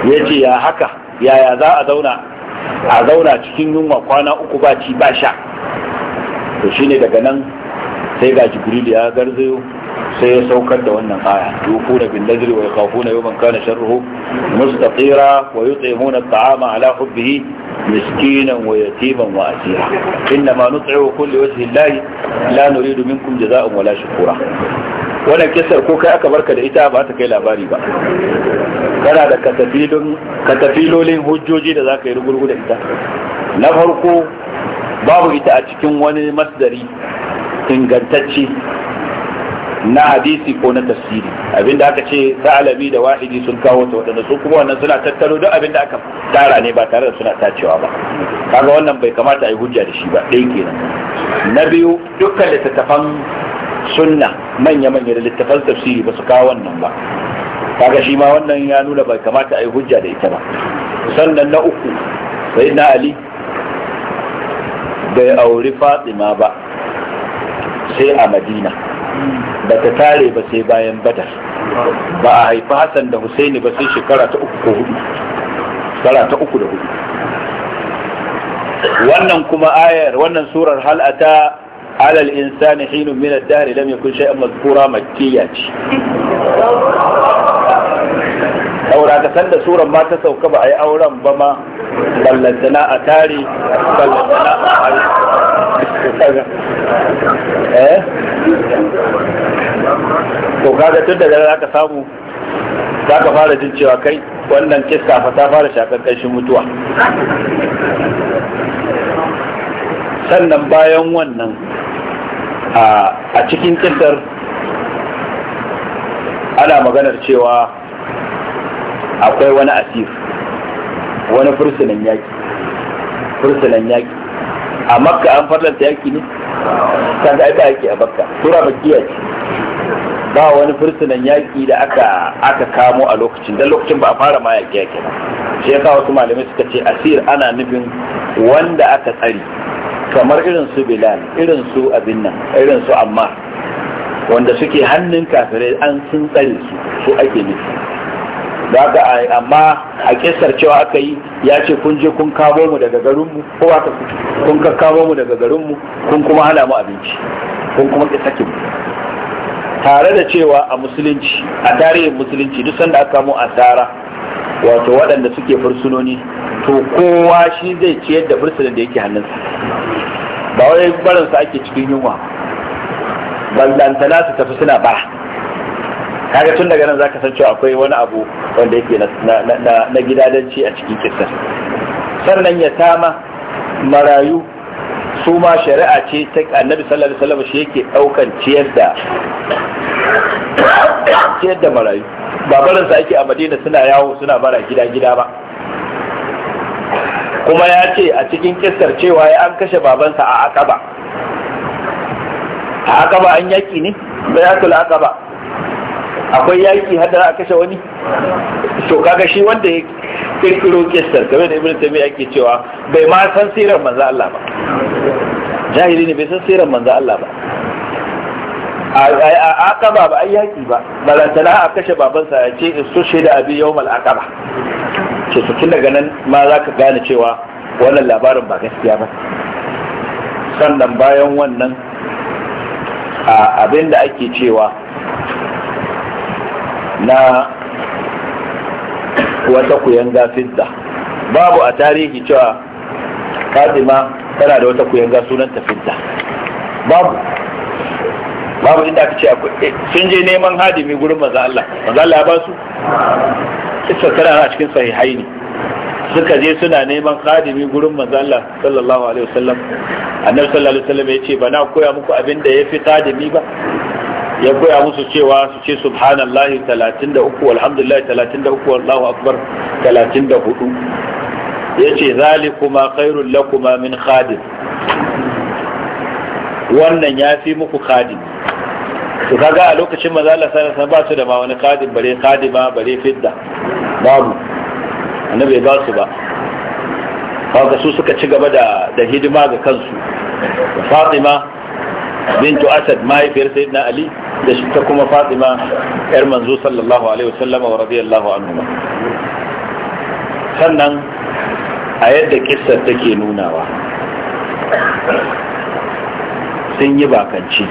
ya ce ya haka yaya za a zauna a zauna cikin yunwa kwana uku ba ci ba sha to shine daga nan sai ga jibril ya garzayo sai ya saukar da wannan aya yufuna bin nadri wa yakhafuna yawman kana sharruhu mustatira wa yut'imuna at'ama ala hubbihi miskinan wa yatiman wa asira inna ma nut'imu kulli wajhi llahi la nuridu minkum jazaa'an wala shukura wannan kisar ko kai aka barka da ita ba ta kai labari ba kana da katafilolin hujjoji da za ka yi rugurgu da ita na farko babu ita a cikin wani masdari Ingantacci na hadisi ko na tafsiri abinda aka ce sa'alabi da wahidi sun kawo ta waɗanda su kuma wannan suna tattaro duk abinda aka tara ne ba tare da suna tacewa ba kaga wannan bai kamata a yi hujja da shi ba ɗaya kenan na biyu dukkan littattafan sunna manya-manya da littattafan tafsiri ba su kawo wannan ba kaga shi ma wannan ya nuna bai kamata a yi hujja da ita ba sannan na uku sai na ali bai auri fatima ba sai a madina ba ta tare ba sai bayan badar ba a haifi hassan da husaini ba sai shekara ta uku ko hudu shekara ta uku da hudu wannan kuma ayar wannan surar hal'ata alal insani hinun min ad-dahr lam yakun shay'an mazkura makkiyya ce saura ka sanda suran ma ta sauka ba a yi auren ba ma ballantana a tare ballantana a eh to kaga tun daga za ka samu za ka fara jin cewa kai wannan kista fa ta fara shakar ƙarshen mutuwa sannan bayan wannan a cikin kistar ana maganar cewa akwai wani asir wani fursunan yaki fursunan yaki a makka an farlanta yaki ne kan da aka yaki a makka sura makiya ce ba wani fursunan yaki da aka aka kamo a lokacin dan lokacin ba a fara ma yaki yaki ba shi yasa wasu malamai suka ce asir ana nufin wanda aka tsari kamar irin su bilal irin su abin nan irin su amma wanda suke hannun kafirai an sun tsare su su ake nufi da amma a kisar cewa aka yi ya ce kun je kun kamo mu daga garinmu ko ba ka kun ka kawo mu daga garinmu kun kuma hana mu abinci kun kuma ki sakin tare da cewa a musulunci a tarihin musulunci duk sanda aka mu asara wato waɗanda suke fursunoni to kowa shi zai ciyar da fursunan da yake hannunsa ba wai barinsa ake cikin yunwa ba. ballantana su tafi suna bara kaga tun daga nan zaka san cewa akwai wani abu wanda yake na gidadanci a cikin kissa sannan ya tama marayu su ma shari'a ce ta annabi sallallahu alaihi wasallam shi yake daukan ciyar da ciyar da marayu babaran sa yake a Madina suna yawo suna bara gida gida ba kuma ya ce a cikin kissar cewa ya an kashe babansa a akaba a akaba an yaki ne ya akula Aqaba. akwai yaki hada a kashe wani to kaga shi wanda ya kirkiro kistar game da ibnu taymiya ke cewa bai ma san sirar manzo Allah ba jahili ne bai san sirar manzo Allah ba a akaba ba ai yaki ba balantana a kashe babansa ya ce su shaida abi yawmal akaba ce su tun daga nan ma za ka gane cewa wannan labarin ba gaskiya ba sannan bayan wannan abin da ake cewa na wata kuyanga fidda babu a tarihi cewa Kadima tana da wata kuyanga sunanta fidda babu babu inda aka ce eh, sun je neman hadimi gurin maza Allah maza Allah ya ba su kissa tana a cikin sahihai ne suka je suna neman hadimi gurin maza Allah sallallahu alaihi wasallam annabi sallallahu alaihi wasallam ya ce ba na koya muku abin da yafi hadimi ba ya koya musu cewa su ce subhanallahi 33 walhamdulillahi 33 wallahu akbar 34 yace zalikuma khairul lakuma min khadim wannan ya fi muku khadim to kaga a lokacin maza Allah sallallahu ba su da ma wani khadim bare khadima bare fidda babu annabi ba su ba kaga su suka ci gaba da da hidima ga kansu Fatima bintu asad mahaifiyar sayyidina ali da shi ta kuma fatima yar manzo sallallahu alaihi wasallama wa radiyallahu anhu sannan a yadda kissar take nunawa sun yi bakanci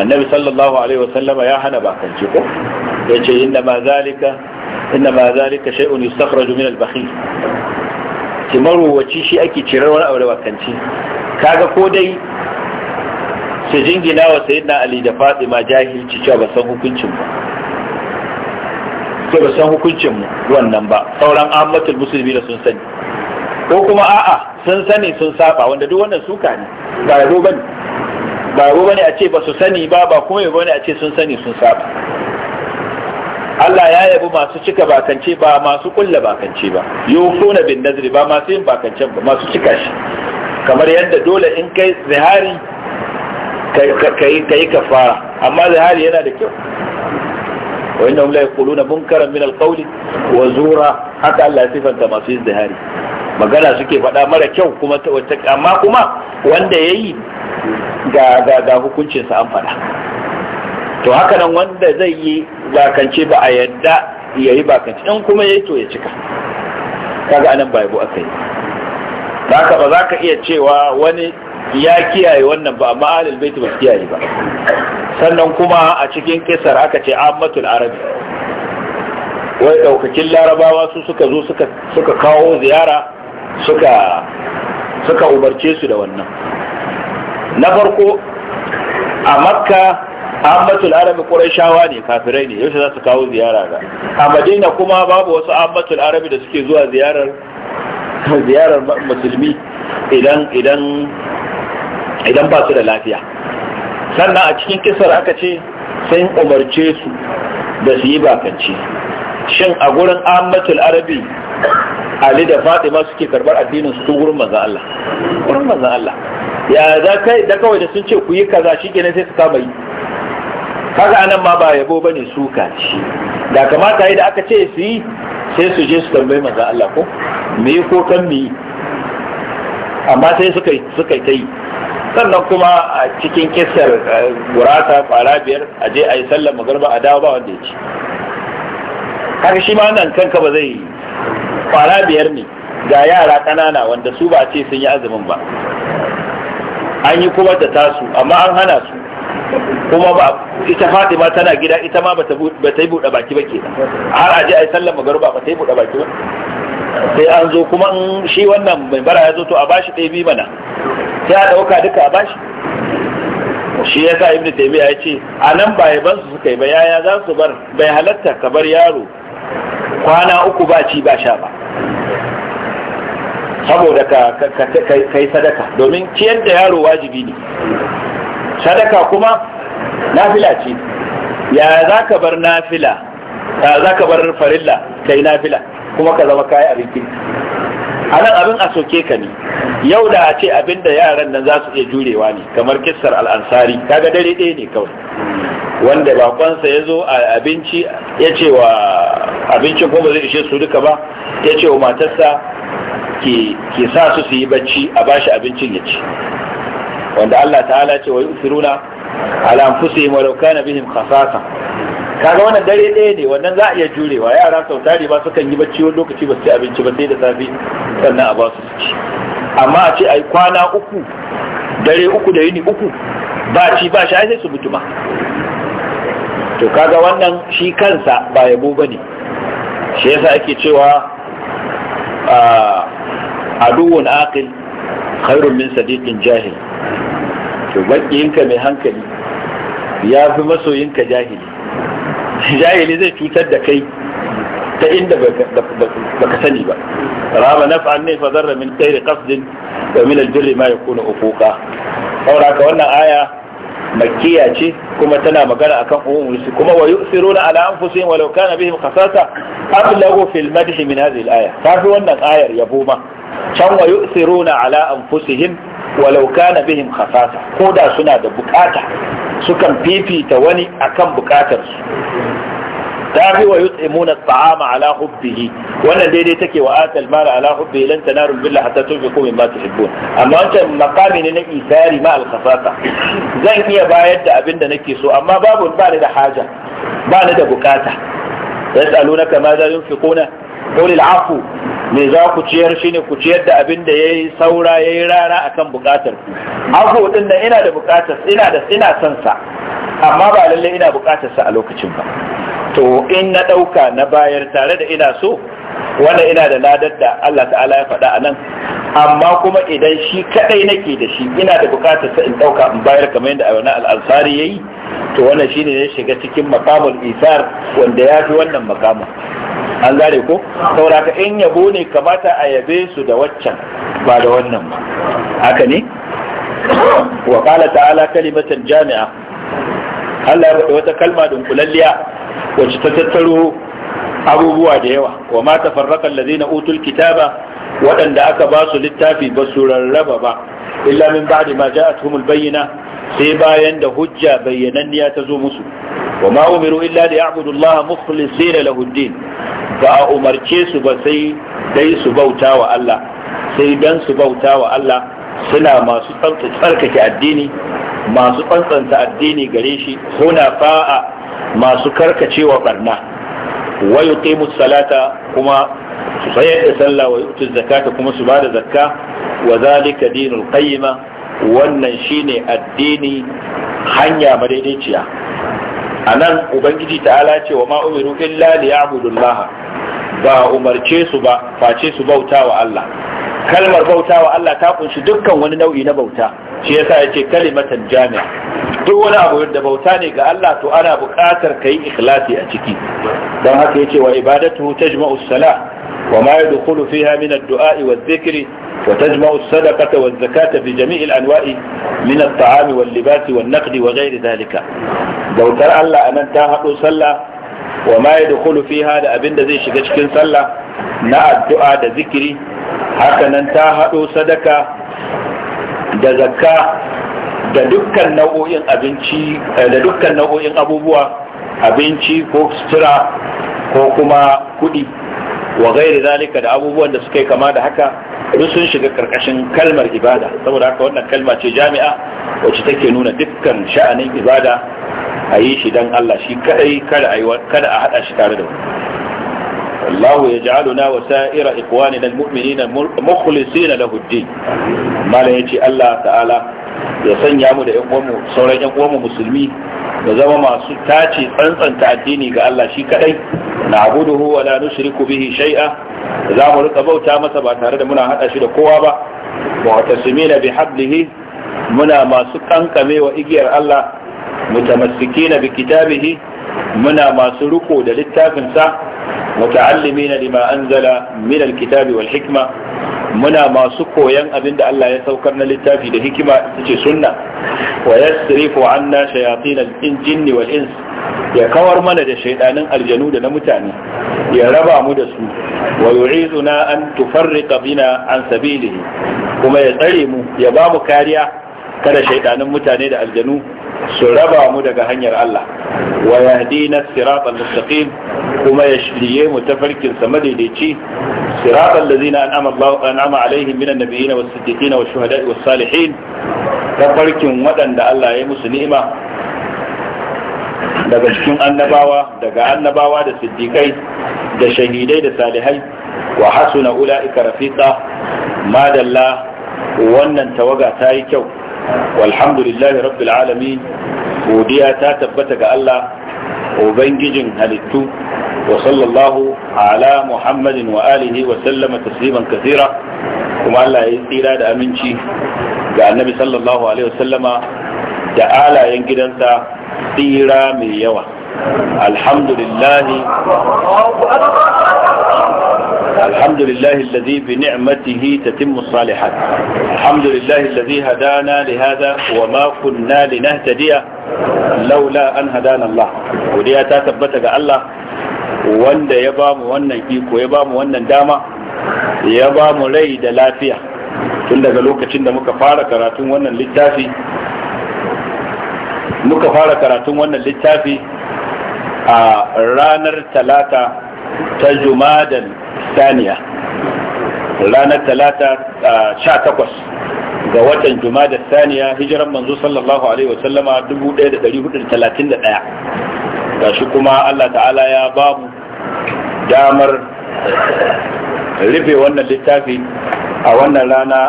annabi sallallahu alaihi wasallama ya hana bakanci ko ya ce inda ma zalika inda ma zalika shay'un yustakhraju min al-bakhil kimaru wace shi ake cirar wani abu da bakanci kaga ko dai su jingina wa sayyidina ali da ma jahilci cewa ba san hukuncin ba ba san hukuncin wannan ba sauran ahmadul musulmi da sun sani ko kuma a'a sun sani sun saba wanda duk wannan suka ne ba yabo bane ba yabo bane a ce ba su sani ba ba kuma yabo ne a ce sun sani sun saba Allah ya yabi masu cika bakance ba masu kulla bakance ba yufuna bin nazri ba masu yin bakance ba masu cika shi kamar yadda dole in kai zihari ka yi kafara amma zihari yana da kyau wa wula ya kulu na munkaran min alqawli wa zura haka Allah ya sifanta masu yin zihari magana suke faɗa mara kyau kuma ta wata amma kuma wanda yayi ga ga ga an faɗa to haka nan wanda zai yi bakance ba a yadda ya yayi bakance in kuma ya yi to ya cika kaga anan ba yabo yi. haka ba za ka iya cewa wani ya kiyaye wannan ba amma ahlul bait ba kiyaye ba sannan kuma a cikin kisar aka ce ammatul arabi wai daukakin larabawa su suka zo suka suka kawo ziyara suka suka umarce su da wannan na farko a makka ambatul arabi qurayshawa ne kafirai ne yaushe za su kawo ziyara ga a madina kuma babu wasu ambatul arabi da suke zuwa ziyarar ziyarar musulmi idan idan ba su da lafiya sannan a cikin kisar aka ce sai umarce su da su yi bakanci shin a gurin ahmadul arabi ali da fatima suke karbar addinin su gurin manzan Allah gurin manzan Allah ya za kai da kawai da sun ce ku yi kaza shi kenan sai su kama yi kaga anan ma ba yabo bane suka ce da kamata yi da aka ce su yi sai su je su tambayi manzo Allah ko me ko kan me amma sai suka suka ta yi sannan kuma a cikin kissar eh, gurata kwara biyar a je a yi sallar magarba a dawo ba wanda ya ci kaga shi ma nan kanka ba zai kwara biyar ne ga yara ƙanana wanda su ba ce sun yi azumin ba an yi kuma da tasu amma an hana su kuma ba ita fatima tana gida ita ma ba ta yi buɗe baki ba ke har aje a yi sallar magaruba ba ta yi buɗe baki ba sai an zo kuma in shi wannan mai bara ya zo to a bashi ɗaya bi mana sai a ɗauka duka a bashi shi ya sa ibnu taymiya ya ce a nan ba ban su suka yi ba yaya za su bar bai halatta ka bar yaro kwana uku ba ci ba sha ba saboda ka kai sadaka domin ciyar da yaro wajibi ne sadaka kuma nafila ce ya za ka bar nafila ya za ka bar farilla ka yi nafila kuma ka zama kayi abin kiri a nan abin a soke ka ne yau da a ce abin da yaran nan za su iya jurewa ne kamar kissar al'ansari kaga dare ɗaya ne kawai wanda bakonsa ya zo a abinci ya ce wa abincin ko ba zai ishe su duka ba ya ce wa matarsa ke sa su su yi bacci a bashi abincin ya ci wanda Allah ta'ala ce wa yusiruna ala anfusihim walau kana bihim khasasa kaga wannan dare ɗaya ne wannan za a iya jurewa yara sau tari ba sukan yi bacci wani lokaci ba su ci abinci ba sai da safi sannan a ba su ci amma a ce ai kwana uku dare uku da yini uku ba ci ba shi sai su mutu ma to kaga wannan shi kansa ba yabo bane shi yasa ake cewa ah, aduwun aqil khairun min sadiqin jahil to makiyinka mai hankali ya fi masoyinka jahili jahili zai cutar da kai ta inda baka sani ba rama naf'an ne fa zarra min khairi qasdin wa min al-birri ma yakunu uquqa saboda ka wannan aya makkiya ce kuma tana magana akan umurinsu kuma wa yusiruna ala anfusihim walau kana bihim khasasa ablagu fil madh min hadhihi al-aya kafi wannan ayar yabo ma can wa na ala anfusihim walau kana bihim khasasa Koda suna da bukata sukan fifita wani akan su. ta fi wa yut'imuna at'ama ala hubbihi wannan daidai take wa atal mara ala hubbihi lan tanaru billahi hatta tunfiqu mimma tuhibbun amma wancan makami ne na isari ma al zan iya bayar da abin da nake so amma babu ba ni da haja ba ni da bukata yasalunaka ma za yunfiquna qul al afu me za ku ciyar shi ne ku ciyar da abin da ya yi saura ya yi rana a bukatar ku abu din da ina da bukatar ina da ina son sa amma ba lallai ina bukatar sa a lokacin ba to in na ɗauka na bayar tare da ina so wannan ina da ladar da Allah ta'ala ya faɗa a nan amma kuma idan shi kadai nake da shi ina da bukatar sa in dauka in bayar kamar yadda wani al'ansari yayi to wannan shine ne shiga cikin makamul isar wanda ya fi wannan makamun an gane ko sauraka in yabo ne kamata a yabe su da waccan ba da wannan ba haka ne wa qala ta'ala kalimatan jami'a Allah ya wata kalma dunkulalliya wacce ta tattaro abubuwa da yawa wa ma tafarraqa allazina utul kitaba waɗanda aka ba su littafi ba su rarraba ba illa min ba'di ma ja'atuhumul bayyina sai bayan da hujja bayyananniya ta zo musu wa ma umiru illa li ya'budu Allah mukhlisina lahu din ba a umarce su ba sai dai su bauta wa Allah sai dan su bauta wa Allah suna masu tsarkake addini masu tsantsanta addini gare shi suna fa'a masu karkacewa barna wa yuqimu salata kuma su tsayar da sallah wa yutu zakata kuma su bada zakka wa zalika dinul qayyima wannan shine addini hanya madaidaiciya anan ubangiji ta'ala ce wa ma umiru illa liya'budu Allah ba umarce su ba face su bautawa Allah kalmar bauta wa Allah ta kunshi dukkan wani nau'i na bauta shi yasa ya ce kalimatan jami'a duk wani abu da bauta ne ga Allah to ana buƙatar kai ikhlasi a ciki Don haka yace wa ibadatuhu tajma'u salah wa ma yadkhulu fiha min ad-du'a wa adh wa tajma'u as-sadaqata wa az-zakata bi jami'i al-anwa'i min at-ta'am wal-libas wan-naqd wa ghayr dhalika bautar Allah anan ta hado sallah wa ma yadkhulu fiha da abinda zai shiga cikin sallah na addu'a da zikiri hakanan ta haɗo sadaka da zakka da dukkan nau'o'in abinci eh, da dukkan nau'o'in abubuwa abinci ko sutura ko kuma kuɗi wa gairi zalika da abubuwan da suka yi kama da haka duk sun shiga karkashin kalmar ibada saboda haka wannan kalma ce jami'a wacce take nuna dukkan sha'anin ibada a yi shi don Allah shi kaɗai kada a haɗa shi tare da wani ya الله يجعلنا وسائر إخواننا المؤمنين مخلصين له الدين ya ce Allah الله ya sanya mu da sauran ‘yan uwanmu musulmi da zama masu tace tsantsanta addini ga Allah shi kadai na abuduhu wa la nushriku bihi shay'a za mu rika bauta masa ba tare da muna hada shi da kowa ba wa tasimina bi hablihi muna masu kankame igiyar Allah mutamassikina bi kitabihi muna masu riko da littafinsa na lima anzala min alkitabi wal hikma muna masu koyan abin da Allah ya saukar na littafi da hikima ita ce sunna wa yasrifu anna shayatin al-jinn wal ins ya kawar mana da shaydanin aljanu da na mutane ya raba mu da su wa yu'izuna an tufarriqa bina an sabilihi kuma ya tsare mu ya ba mu kariya kada shaydanin mutane da aljanu su raba mu daga hanyar Allah wa yahdina siratal mustaqim kuma ya shirye mu tafarkin sa madaidaici siratal ladzina an'ama Allah ama alaihim minan nabiyyin was siddiqin was shuhada'i was salihin tafarkin waɗanda Allah ya musu ni'ima daga cikin annabawa daga annabawa da siddiqai da shahidai da salihai wa hasuna ula'ika rafiqa madalla wannan tawaga ta yi kyau walhamdulillahi rabbil alamin godiya ta tabbata ga Allah ubangijin halittu wa sallallahu ala muhammadin wa alihi wa sallama tasliman kathira kuma Allah ya tsira da aminci ga annabi sallallahu alaihi wa sallama da alayen gidansa tsira mai yawa alhamdulillahi الحمد لله الذي بنعمته تتم الصالحات الحمد لله الذي هدانا لهذا وما كنا لنهتدي لولا أن هدانا الله ودي تثبت الله wanda ya ba mu wannan iko ya ba mu wannan dama ya ba mu rai da lafiya tun daga lokacin da muka fara karatun wannan littafi muka fara karatun wannan littafi a ranar talata ta jumadan saniya ranar talata sha takwas ga watan jumada saniya hijiran manzo sallallahu alaihi wasallama 1431 shi kuma Allah ta'ala ya ba damar rufe wannan littafi a wannan rana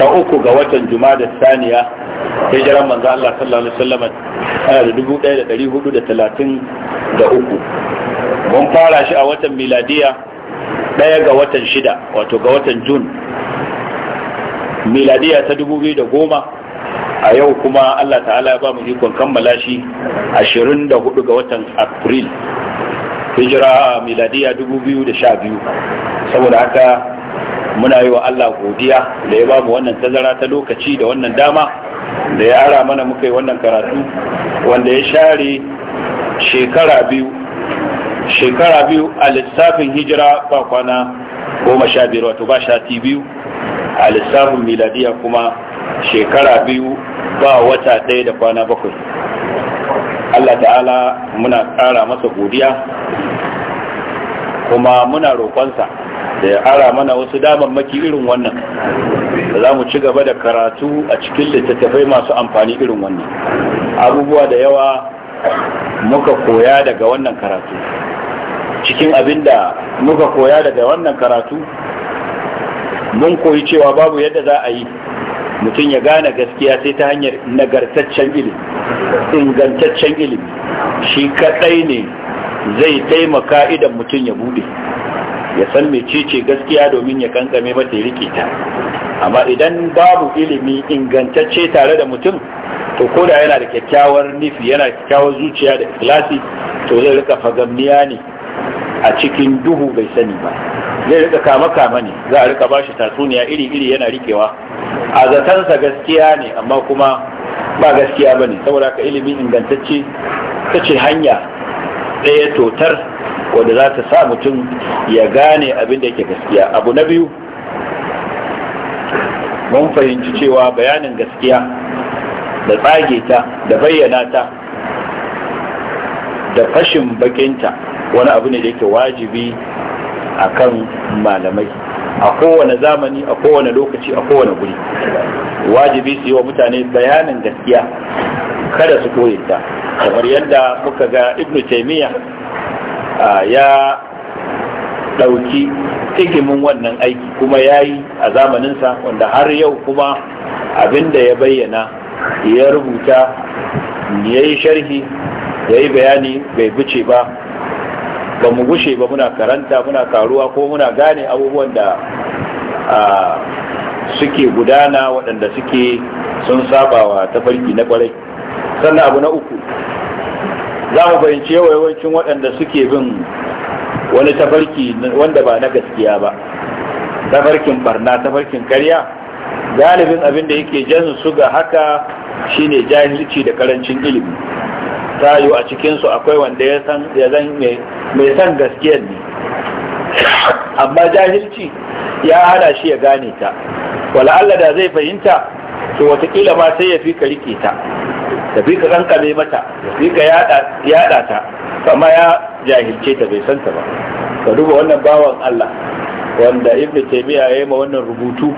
ta uku ga watan jumada saniya hijiran manzo Allah sallallahu alaihi wasallama 1433 mun fara shi a watan miladiya ɗaya ga watan shida wato ga watan jun miladiya ta dubu biyu da goma a yau kuma allah ta'ala Ya ba mu ikon kammala shi ashirin da hudu ga watan april hijira miladiya dubu biyu da sha biyu saboda haka muna yi wa allah godiya da ya ba mu wannan tazara ta lokaci da wannan dama da ya ara mana muka yi wannan karatu wanda ya share shekara biyu shekara biyu a lissafin hijira ba kwana goma sha biyar wato ba shati biyu a lissafin miladiya kuma shekara biyu ba wata ɗaya da kwana bakwai Allah ta'ala muna ƙara masa godiya kuma muna roƙonsa da ya ara mana wasu damammaki irin wannan da za mu ci gaba da karatu a cikin littattafai masu amfani irin wannan abubuwa da yawa muka koya daga wannan karatu cikin abin da muka koya daga wannan karatu mun koyi cewa babu yadda za a yi mutum ya gane gaskiya sai ta hanyar nagartaccen ilimi ingantaccen ilimi shi kadai ne zai taimaka idan mutum ya bude ya san mecece gaskiya domin ya kankame mata ya rike ta amma idan babu ilimi ingantacce tare da mutum to ko da yana da kyakkyawar nufi yana da kyakkyawar zuciya da ikilasi, to zai rika fagamniya ne a cikin duhu bai sani ba zai rika kama kama ne za a rika bashi tatsuniya iri iri yana rikewa a zatansa gaskiya ne amma kuma ba gaskiya ba ne. saboda ka ilimin ingantacce ta ce hanya ɗaya totar wadda za ta sa mutum ya gane abin da yake gaskiya abu na biyu mun fahimci cewa bayanin gaskiya da tsage ta da bayyana ta da fashin bakinta wani abu ne da yake wajibi a kan malamai a kowane zamani a kowane lokaci a kowane guri wajibi su yi wa mutane bayanin gaskiya kada su koye ta kamar yadda muka ga ibn taimiyya ya ɗauki hikimin wannan aiki kuma ya yi a zamaninsa wanda har yau kuma abin da ya bayyana ya rubuta ya yi sharhi ya yi bayani bai buce ba ba mu gushe ba muna karanta muna karuwa ko muna gane abubuwan da suke gudana waɗanda suke sun sabawa tafarki na kwarai sannan abu na uku za mu fahimci yawancin waɗanda suke bin wani farki wanda ba na gaskiya ba tafarkin barna tafarkin karya galibin abin da yake jan su ga haka shine jahilci da karancin ilimi tayu a cikinsu akwai wanda ya san ya zan mai san gaskiyar ne amma jahilci ya hada shi ya gane ta wala Allah da zai fahimta to watakila ma sai ya fi ka rike ta da fi ka kankame mata da fi ka yada ta amma ya jahilce ta bai santa ba ka duba wannan bawan Allah wanda ibn taymiya ya ma wannan rubutu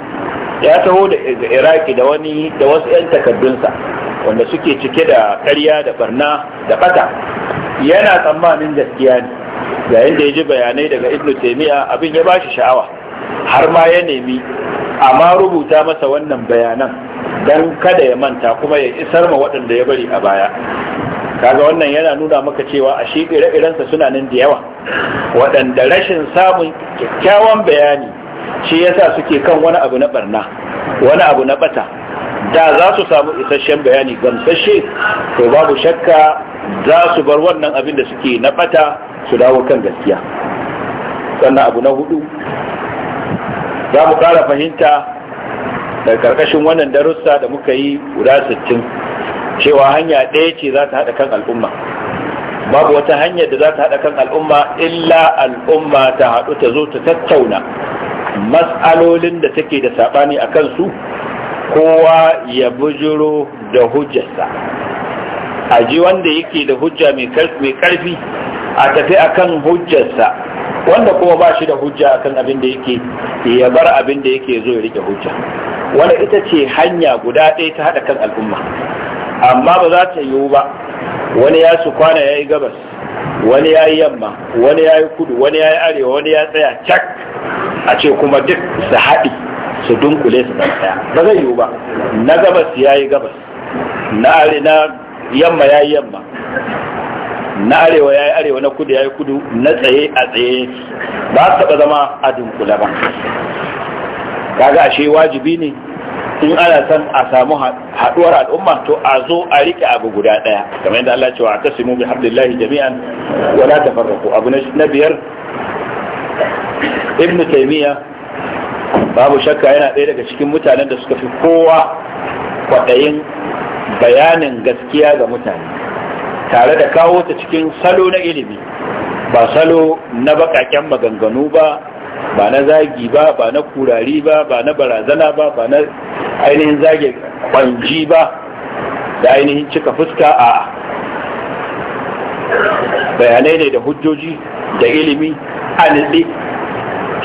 ya taho da iraki da wani da wasu yan takaddunsa wanda suke cike da ƙarya da barna da bata yana tsammanin gaskiya ne yayin da ya ji bayanai daga ibn taymiya abin ya ba shi sha'awa har ma ya nemi amma rubuta masa wannan bayanan don kada ya manta kuma ya isar ma waɗanda ya bari a baya kaga wannan yana nuna maka cewa a shi ire-irensa suna nan da yawa waɗanda rashin samun kyakkyawan bayani shi yasa suke kan wani abu na barna wani abu na bata da za su samu isasshen bayani gamsashe to babu shakka za su bar wannan abin da suke na bata su dawo kan gaskiya sannan abu na hudu za mu kara fahimta daga karkashin wannan darussa da muka yi guda 60 cewa hanya ɗaya ce za ta haɗa kan al'umma babu wata hanyar da za ta haɗa kan al'umma illa al'umma ta haɗu ta zo ta tattauna matsalolin da take da saɓani a kansu kowa ya bujuro da hujjarsa a ji wanda yake da hujja mai karfi a tafi akan hujjarsa wanda kuma ba shi da hujja akan abin da yake ya bar abin da yake zo ya rike hujja wanda ita ce hanya guda ɗaya ta haɗa kan al'umma amma ba za ta yiwu ba wani ya su kwana ya yi gabas wani ya yi yamma wani ya yi kudu wani ya yi arewa wani ya tsaya cak a ce kuma duk su haɗi su dunkule su zama ɗaya, ba zai yiwu ba na gabas ya yi gabas na yamma ya yi yamma na arewa ya yi arewa na kudu ya yi kudu na tsaye a tsaye ba su taɓa zama a dunkule ba kaga ashe wajibi ne in ana son a samu haɗuwar al'umma to a zo a rike abu guda ɗaya. kamar yadda Allah cewa tasimu bi hablillahi jami'an wala tafarraqu abu na biyar ibnu taymiya babu shakka yana ɗaya daga cikin mutanen da suka fi kowa kwaɗayin bayanin gaskiya ga mutane tare da kawo ta cikin salo na ilimi ba salo na baƙaƙen maganganu ba ba na zagi ba ba na kurari ba ba na barazana ba ba na ainihin zage kwanji ba da ainihin cika fuska a bayanai ne da hujjoji da ilimi a nitsi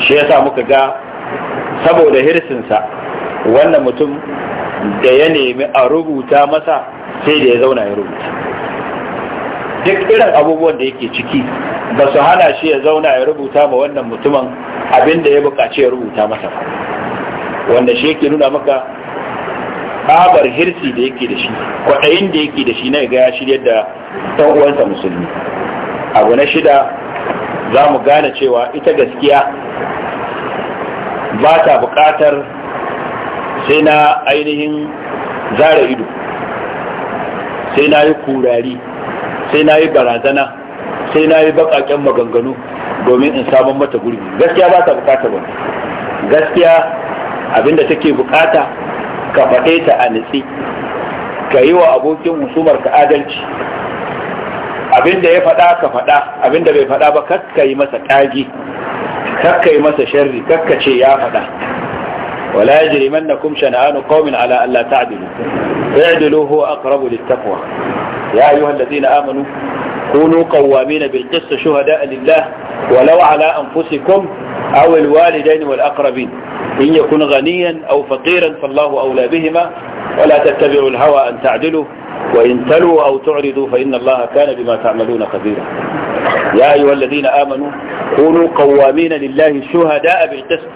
shi ya sa muka ga saboda hirsinsa wannan mutum da ya nemi a rubuta masa sai da ya zauna ya rubuta duk irin abubuwan da yake ciki ba su hana shi ya zauna ya rubuta ma wannan mutumin abin da ya bukaci ya rubuta masa wanda shi yake nuna maka babar hirsi da yake da shi kwaɗayin da yake da shi na ga ya shirya da ɗan uwansa musulmi abu na shida za mu gane cewa ita gaskiya ba ta buƙatar sai na ainihin zara ido sai na yi kurari sai na yi barazana sai na yi baƙaƙen maganganu domin in samun mata gurbi gaskiya ba ta buƙatar wani gaskiya abinda take buƙata ka faɗe ta a nitsi ka yi wa abokin musumar ka adalci abinda ya faɗa ka faɗa abinda bai faɗa ba kakka yi masa ƙagi kakka yi masa sharri يا ce ولا يجرمنكم wala قوم على ان لا تعدلوا اعدلوا هو اقرب للتقوى يا ايها الذين امنوا كونوا قوامين بالقسط شهداء لله ولو على أنفسكم أو الوالدين والأقربين إن يكن غنيا أو فقيرا فالله أولى بهما ولا تتبعوا الهوى أن تعدلوا وإن تلوا أو تعرضوا فإن الله كان بما تعملون خبيرا يا أيها الذين آمنوا كونوا قوامين لله شهداء بالقسط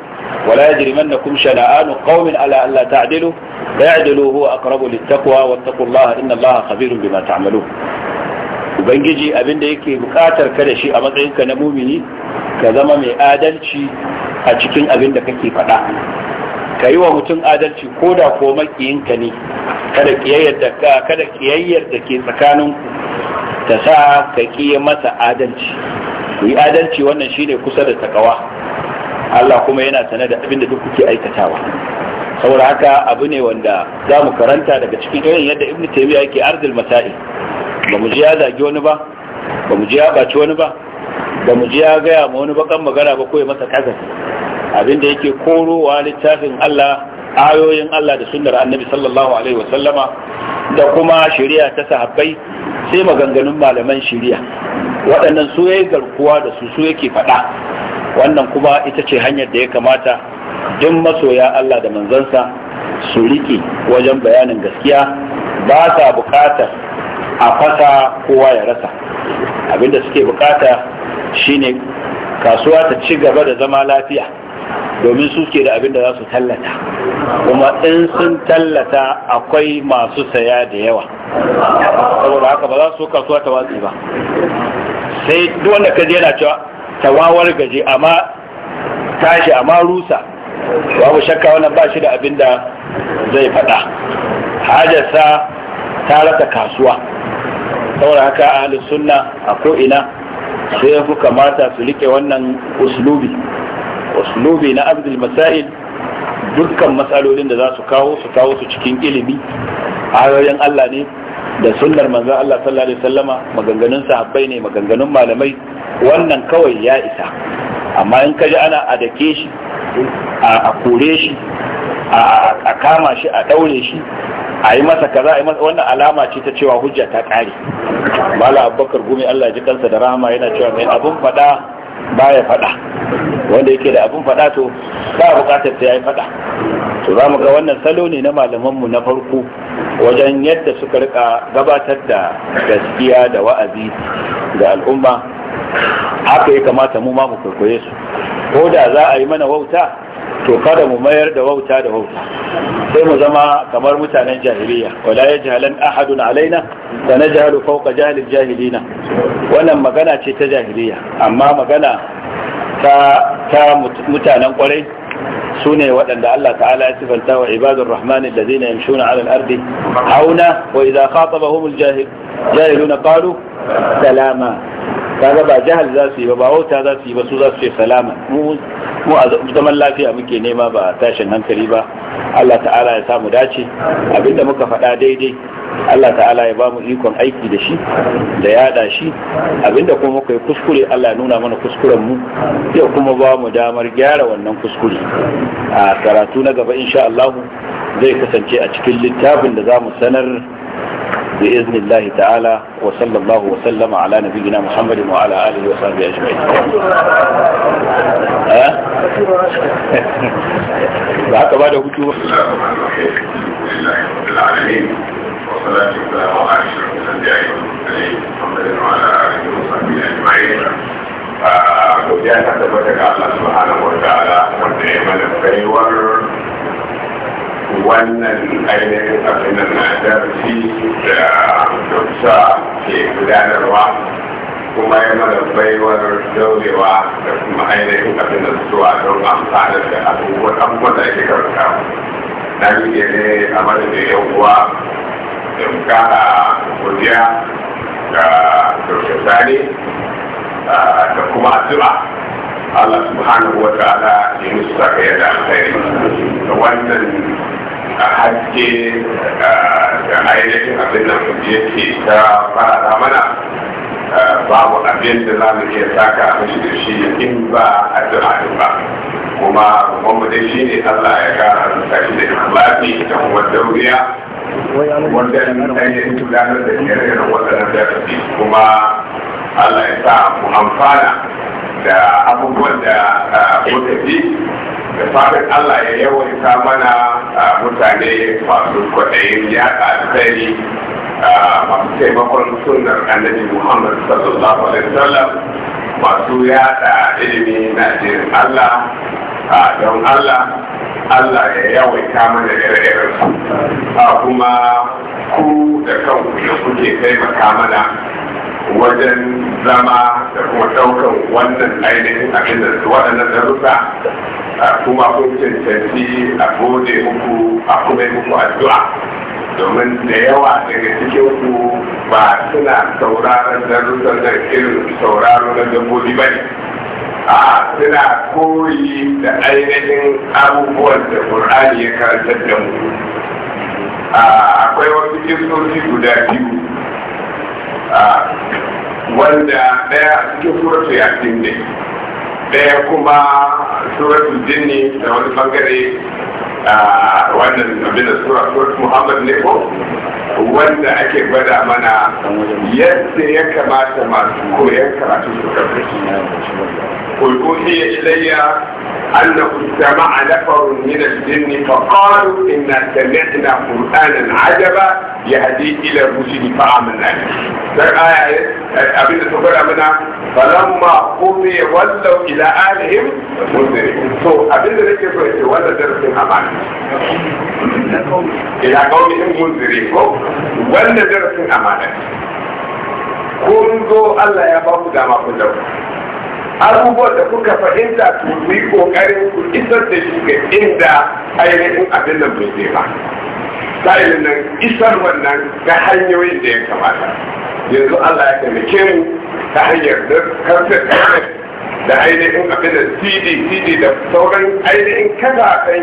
ولا يجرمنكم شنآن قوم على ألا تعدلوا فيعدلوا هو أقرب للتقوى واتقوا الله إن الله خبير بما تعملون ubangiji abin da yake bukatar ka da shi a matsayinka na mumini ka zama mai adalci a cikin abin da kake faɗa ka yi wa mutum adalci ko da ko makiyinka ne kada kiyayyar da kada kiyayyar da ke tsakanin ta sa ka kiyi masa adalci ku yi adalci wannan shine kusa da takawa Allah kuma yana sanar da abin da duk kuke aikatawa saboda haka abu ne wanda za mu karanta daga cikin irin yadda ibnu taymiya yake ardil masail ba mu ji ya zagi wani ba ba mu ji ya baci wani ba ba mu ji ya gaya ma wani bakan magana ba ko ya masa kazafi abinda yake korowa littafin Allah ayoyin Allah da sunnar annabi sallallahu alaihi wasallama da kuma shari'a ta sahabbai sai maganganun malaman shari'a waɗannan su yayi garkuwa da su su yake faɗa wannan kuma ita ce hanyar da ya kamata duk masoya Allah da manzansa su rike wajen bayanin gaskiya ba sa bukatar a fasa kowa ya rasa abinda suke bukata shine kasuwa ta ci gaba da zama lafiya domin suke da abin da za su tallata kuma in sun tallata akwai masu saya da yawa saboda haka ba za su kasuwa ta watsi ba sai duk wanda ka je yana cewa tawawar gaji amma tashi amma rusa babu shakka wannan ba shi da abin da zai faɗa hajjasa ta rasa kasuwa saboda haka ahlus sunna a ko'ina sai fi kamata su rike wannan uslubi uslubi na abdul masail dukkan matsalolin da za su kawo su kawo su cikin ilimi ayoyin Allah ne da sunnar manzo Allah sallallahu alaihi wasallama maganganun sahabbai ne maganganun malamai wannan kawai ya isa amma in kaji ana adake shi a kore shi a kama shi a daure shi a yi masa kaza a yi masa wannan alama ce ta cewa hujja ta kare mala abubakar gumi Allah ji kansa da rahama yana cewa mai abun fada baya faɗa wanda yake da abin faɗa to ba buƙatar ta yi faɗa to za mu ga wannan salo ne na malamanmu na farko wajen yadda suka rika gabatar da gaskiya da wa'azi ga al'umma haka ya kamata mu ma mu kwaikwaye su ko da za a yi mana wauta to kada mu mayar da wauta da wauta sai mu zama kamar mutanen jahiliya wala yajhalan ahadun alaina sanajhalu fawqa jahlil jahilina wannan magana ce ta jahiliya amma magana ta ta mutanen kwarai sune waɗanda Allah ta'ala ya sifanta wa ibadur rahman alladhina yamshuna 'ala ardi hauna wa idha khatabahum jahil na qalu salama kaga ba jihar za su yi ba ba wauta za su yi ba su za su ce salama mu a zaman lafiya muke nema ba tashin hankali ba Allah ta'ala ya samu dace abinda muka faɗa daidai Allah ta'ala ya ba mu ikon aiki da shi da yada shi abinda kuma muka yi kuskure Allah ya nuna mana kuskuren mu yau kuma ba mu damar gyara wannan kuskure a karatu na gaba insha Allah zai kasance a cikin littafin da za mu sanar بإذن الله تعالى وصلى الله وسلم على نبينا محمد وعلى آله وصحبه أجمعين بعد العالمين على أشرف محمد وعلى آله وصحبه أجمعين godiya ta tabbata ga سبحانه وتعالى wa ta'ala الخير wannan ainihin abin da na darasi da dokta ke gudanarwa kuma ya mana baiwar daurewa da kuma ainihin abin da zuwa don amfani da abubuwan abubuwan da ake karanta na miƙe ne a madadin yan uwa da kara godiya ga dokta sani da kuma addu'a Allah subhanahu wa ta'ala ya musu saka yadda alkhairi wannan a haske da ainihin abin da yake ta fara mana eh, babu abin da za mu iya saka mashi da shi in ba a jiragen ba kuma mu dai shi ne allah ya kara da shi da ikhlasi da kuma dauriya wanda ainihin gudanar da irin waɗannan darasi kuma allah ya sa mu amfana da abubuwan da kuka eh, ji da Allah ya yawaita mana mutane masu kwaɗayin ya alkhairi masu taimakon sunar annabi Muhammad sallallahu alaihi wasallam masu yada ilimi na jin Allah don Allah Allah ya yawaita mana ire-iren su kuma ku da kanku da kuke taimaka mana wajen zama da kuma daukan wannan ainihin abin da su waɗannan darussa kuma kun cancanci a gode muku a kuma muku addu'a domin da yawa daga cikin ku ba suna sauraron darussan da irin sauraro na dabbobi ba ne a suna koyi da ainihin abubuwan da ƙur'ani ya karantar da mu akwai wasu kisoshi guda biyu wanda daya a cikin suratu yasin ne daya kuma suratu jini da wani bangare wannan abin da sura sura muhammad ne ko wanda ake gwada mana yadda ya kamata masu koyon karatu su karfi kulkuhi ilayya أنه استمع نفر من الجن فقالوا إنا سمعنا قرآنا عجبا يهدي إلى الرشد فآمنا به. طيب، آية, آية، أبي تقول أمنا فلما قضي ولوا إلى أهلهم منذرين. سو أبي ذلك يقول ولا درس أمان. ila kawai in munzire ko wanda darasin amana Ko zo Allah ya ba ku dama ku zau abubuwa da kuka fahimta ku yi kokarin ku isar da shi ga inda ainihin abin da bai zai ba sa'ilin nan isar wannan ga hanyoyin da ya kamata yanzu Allah ya taimake mu ta hanyar da karfe da ainihin abin da cd cd da sauran ainihin kafafen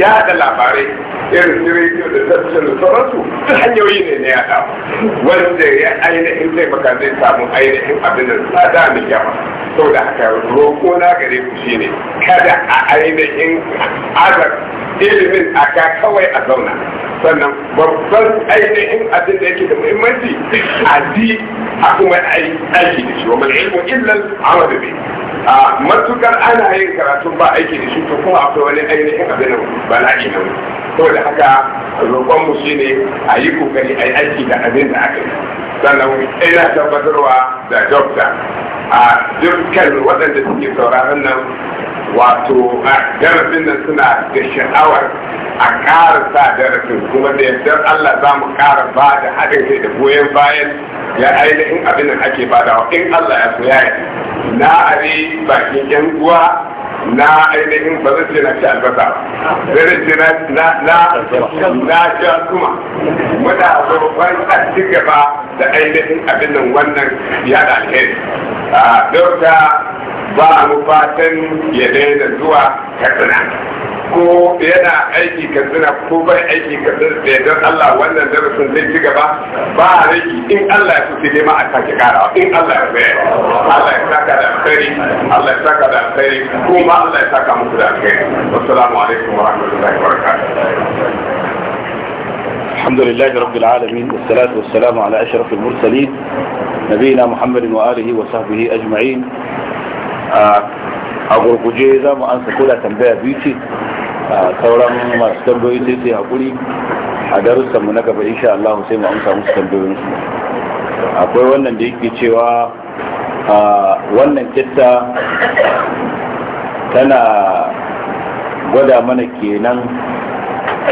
yada labarai irin su rediyo da talabijin da sauransu duk hanyoyi ne na yada wanda ya ainihin taimaka zai samu ainihin abin da tsada mai yawa da haka roƙo na gare ku ne. kada a ainihin azar ilimin aka kawai a zauna sannan babban ainihin abin da yake da muhimmanci a ji a kuma aiki da shi wa mal ilmu illa al-amal bihi a matukar ana yin karatun ba aiki da shi to kuma akwai wani ainihin abin da bala'i ne da haka roƙon mu shine a yi kokari a yi aiki da abin da aka yi sannan ina tabbatarwa da doctor. a dukkan waɗanda suke sauraron nan wato a darasin nan suna da sha'awar a ƙara sa darasin kuma da yadda Allah za mu ƙara ba da haɗin kai da goyon bayan ya ainihin abin da ake badawa in Allah ya so ya yi na are bakin yan uwa na ainihin ba zai ce na ci albasa zai ce na na na ci kuma muna roƙon a ci gaba da ainihin abin nan wannan ya da alheri a dauka ba mu fatan ya daina zuwa katsina ko yana aiki katsina ko bai aiki katsina da yadda Allah wannan darasin zai ci gaba ba a rage in Allah ya fi nema a sake karawa in Allah ya fi Allah ya saka da alkhairi Allah ya saka da alkhairi kuma Allah ya saka muku da alkhairi wassalamu alaikum wa rahmatullahi wa barakatuh الحمد لله رب العالمين والصلاة والسلام على أشرف المرسلين نبينا محمد وآله وصحبه أجمعين أقول قجيزة وأنسى كل تنبيه بيتي a sauran masu tambayoyi sai sai haƙuri a darussanmu na gaba insha Allah sai mu amsa musu tambayoyin su. akwai wannan da yake cewa wannan kitta tana gwada mana kenan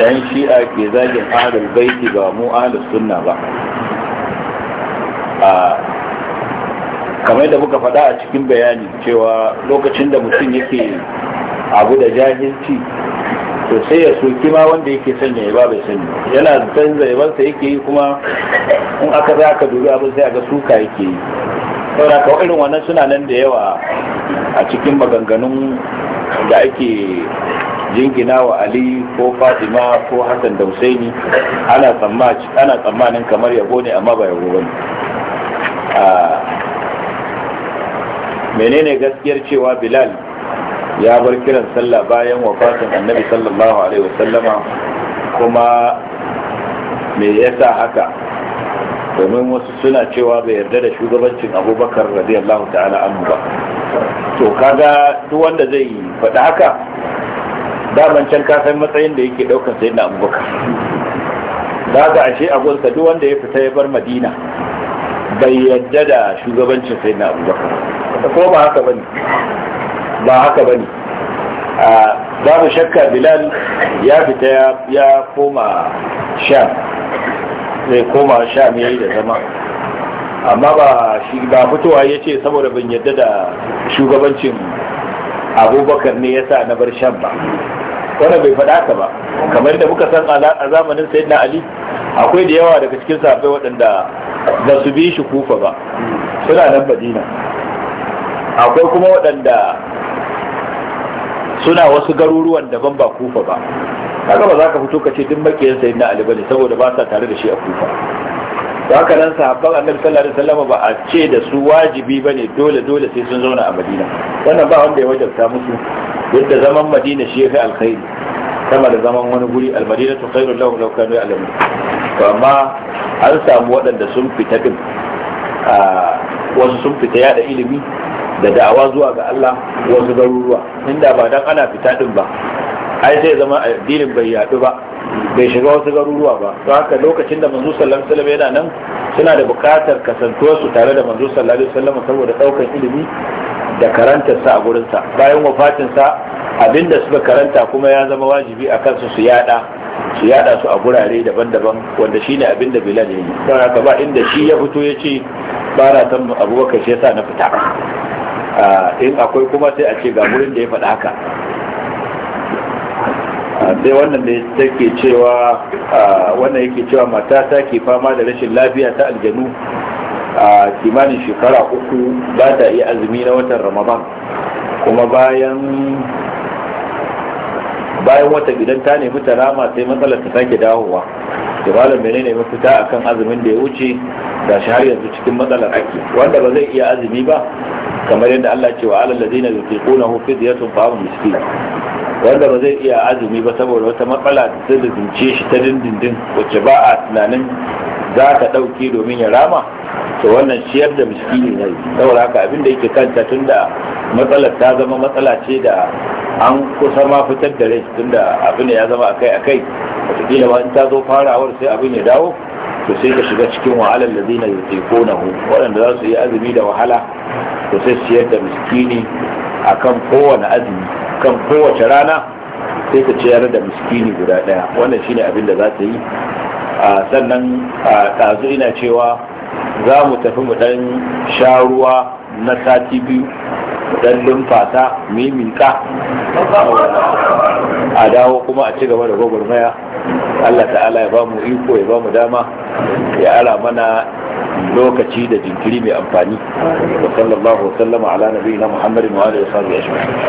yan shi'a ke zagin adal baiti ba mu ahlus sunna ba kamar da muka faɗa a cikin bayani cewa lokacin da mutum yake abu da jahilci to sai ya soki ma wanda yake san ya ba bai sani yana canza yabansa yake yi kuma in aka za ka dubi abin sai a ga suka yake yi saboda ka irin wannan suna nan da yawa a cikin maganganun da ake jingina wa ali ko fatima ko hassan da husaini ana tsammanin kamar yabo ne amma ba yabo ba ne menene gaskiyar cewa bilal ya bar kiran sallah bayan wafatin annabi sallallahu alaihi wasallama kuma me yasa haka domin wasu suna cewa bai yarda da shugabancin abubakar radiyallahu ta'ala anhu ba to kaga duk wanda zai faɗi haka daman can ka san matsayin da yake ɗaukar sai na abubakar za ga ashe gonsa duk wanda ya fita ya bar madina bai yarda da shugabancin sai na abubakar ko ba haka bane ba haka bane babu shakka bilal ya fita ya koma sham zai koma sham yayi da zama amma ba shi ba fitowa ya ce saboda ban yadda da shugabancin abubakar ne yasa na bar sham ba wanda bai faɗa ka ba kamar da muka san a zamanin sayyidina ali akwai da yawa daga cikin sahabbai waɗanda ba su bi shi kufa ba suna nan madina akwai kuma waɗanda suna wasu garuruwan daban ba kufa ba kaga ba za ka fito ka ce duk makiyan sayyidina na bane saboda ba sa tare da shi a kufa Ba haka nan sahabban annabi sallallahu alaihi wasallam ba a ce da su wajibi bane dole dole sai sun zauna a madina wannan ba wanda ya wajabta musu yadda zaman madina shi yafi alkhairi sama da zaman wani guri to khairu lahu law kanu ya'lamu to amma an samu waɗanda sun fita din wasu sun fita yada ilimi da da'awa zuwa ga Allah wasu garuruwa inda ba dan ana fita din ba ai sai zama addinin bai yadu ba bai shiga wasu garuruwa ba to haka lokacin da manzo sallallahu alaihi wasallam yana nan suna da buƙatar kasantuwar su tare da manzo sallallahu alaihi wasallam saboda daukar ilimi da karantar sa a gurin sa bayan wafatin sa abinda suka karanta kuma ya zama wajibi a kansu su yada su yada su a gurare daban-daban wanda shine abinda bilal yayi yi don haka ba inda shi ya fito ya ce ba na abubakar shi yasa na fita in akwai kuma sai a ce ga wurin da ya faɗa haka sai wannan ne take cewa wannan yake cewa matata ke fama da rashin lafiya ta aljanu a kimanin shekara uku ba ta iya azumi na watan ramadan kuma bayan bayan wata idan ta nemi ta rama sai matsalar ta sake dawowa to menene mafita akan azumin da ya wuce da shi har yanzu cikin matsalar ake wanda ba zai iya azumi ba kamar yadda Allah ce wa alal ladina yutiqunahu ya ta'am miskin wanda ba zai iya azumi ba saboda wata matsala da da zuce shi ta dindindin wacce ba a tunanin za ta ɗauki domin ya rama to wannan ciyar da miski ne saboda haka abin da yake kanta tunda matsalar ta zama matsala ce da an kusa ma fitar da rai tunda abin da ya zama akai akai wataƙila ba in ta zo farawa sai abin ya dawo to sai ka shiga cikin wahalar da zina da teko na hu waɗanda za su yi azumi da wahala to sai ciyar da miskini akan kowane azumi kan kowace rana sai ta ciyar da miskini guda daya wannan shine abin da za ta yi sannan a ɗazu ina cewa za mu tafi mu ɗan sha ruwa na sati biyu mu ɗan lumfata miminka a dawo kuma a ci gaba da maya. Allah ta'ala ya ba mu iko ya ba mu dama ya ara mana lokaci da jinkiri mai amfani wa sallallahu wa sallama ala nabiyina muhammadin wa alihi wa sahbihi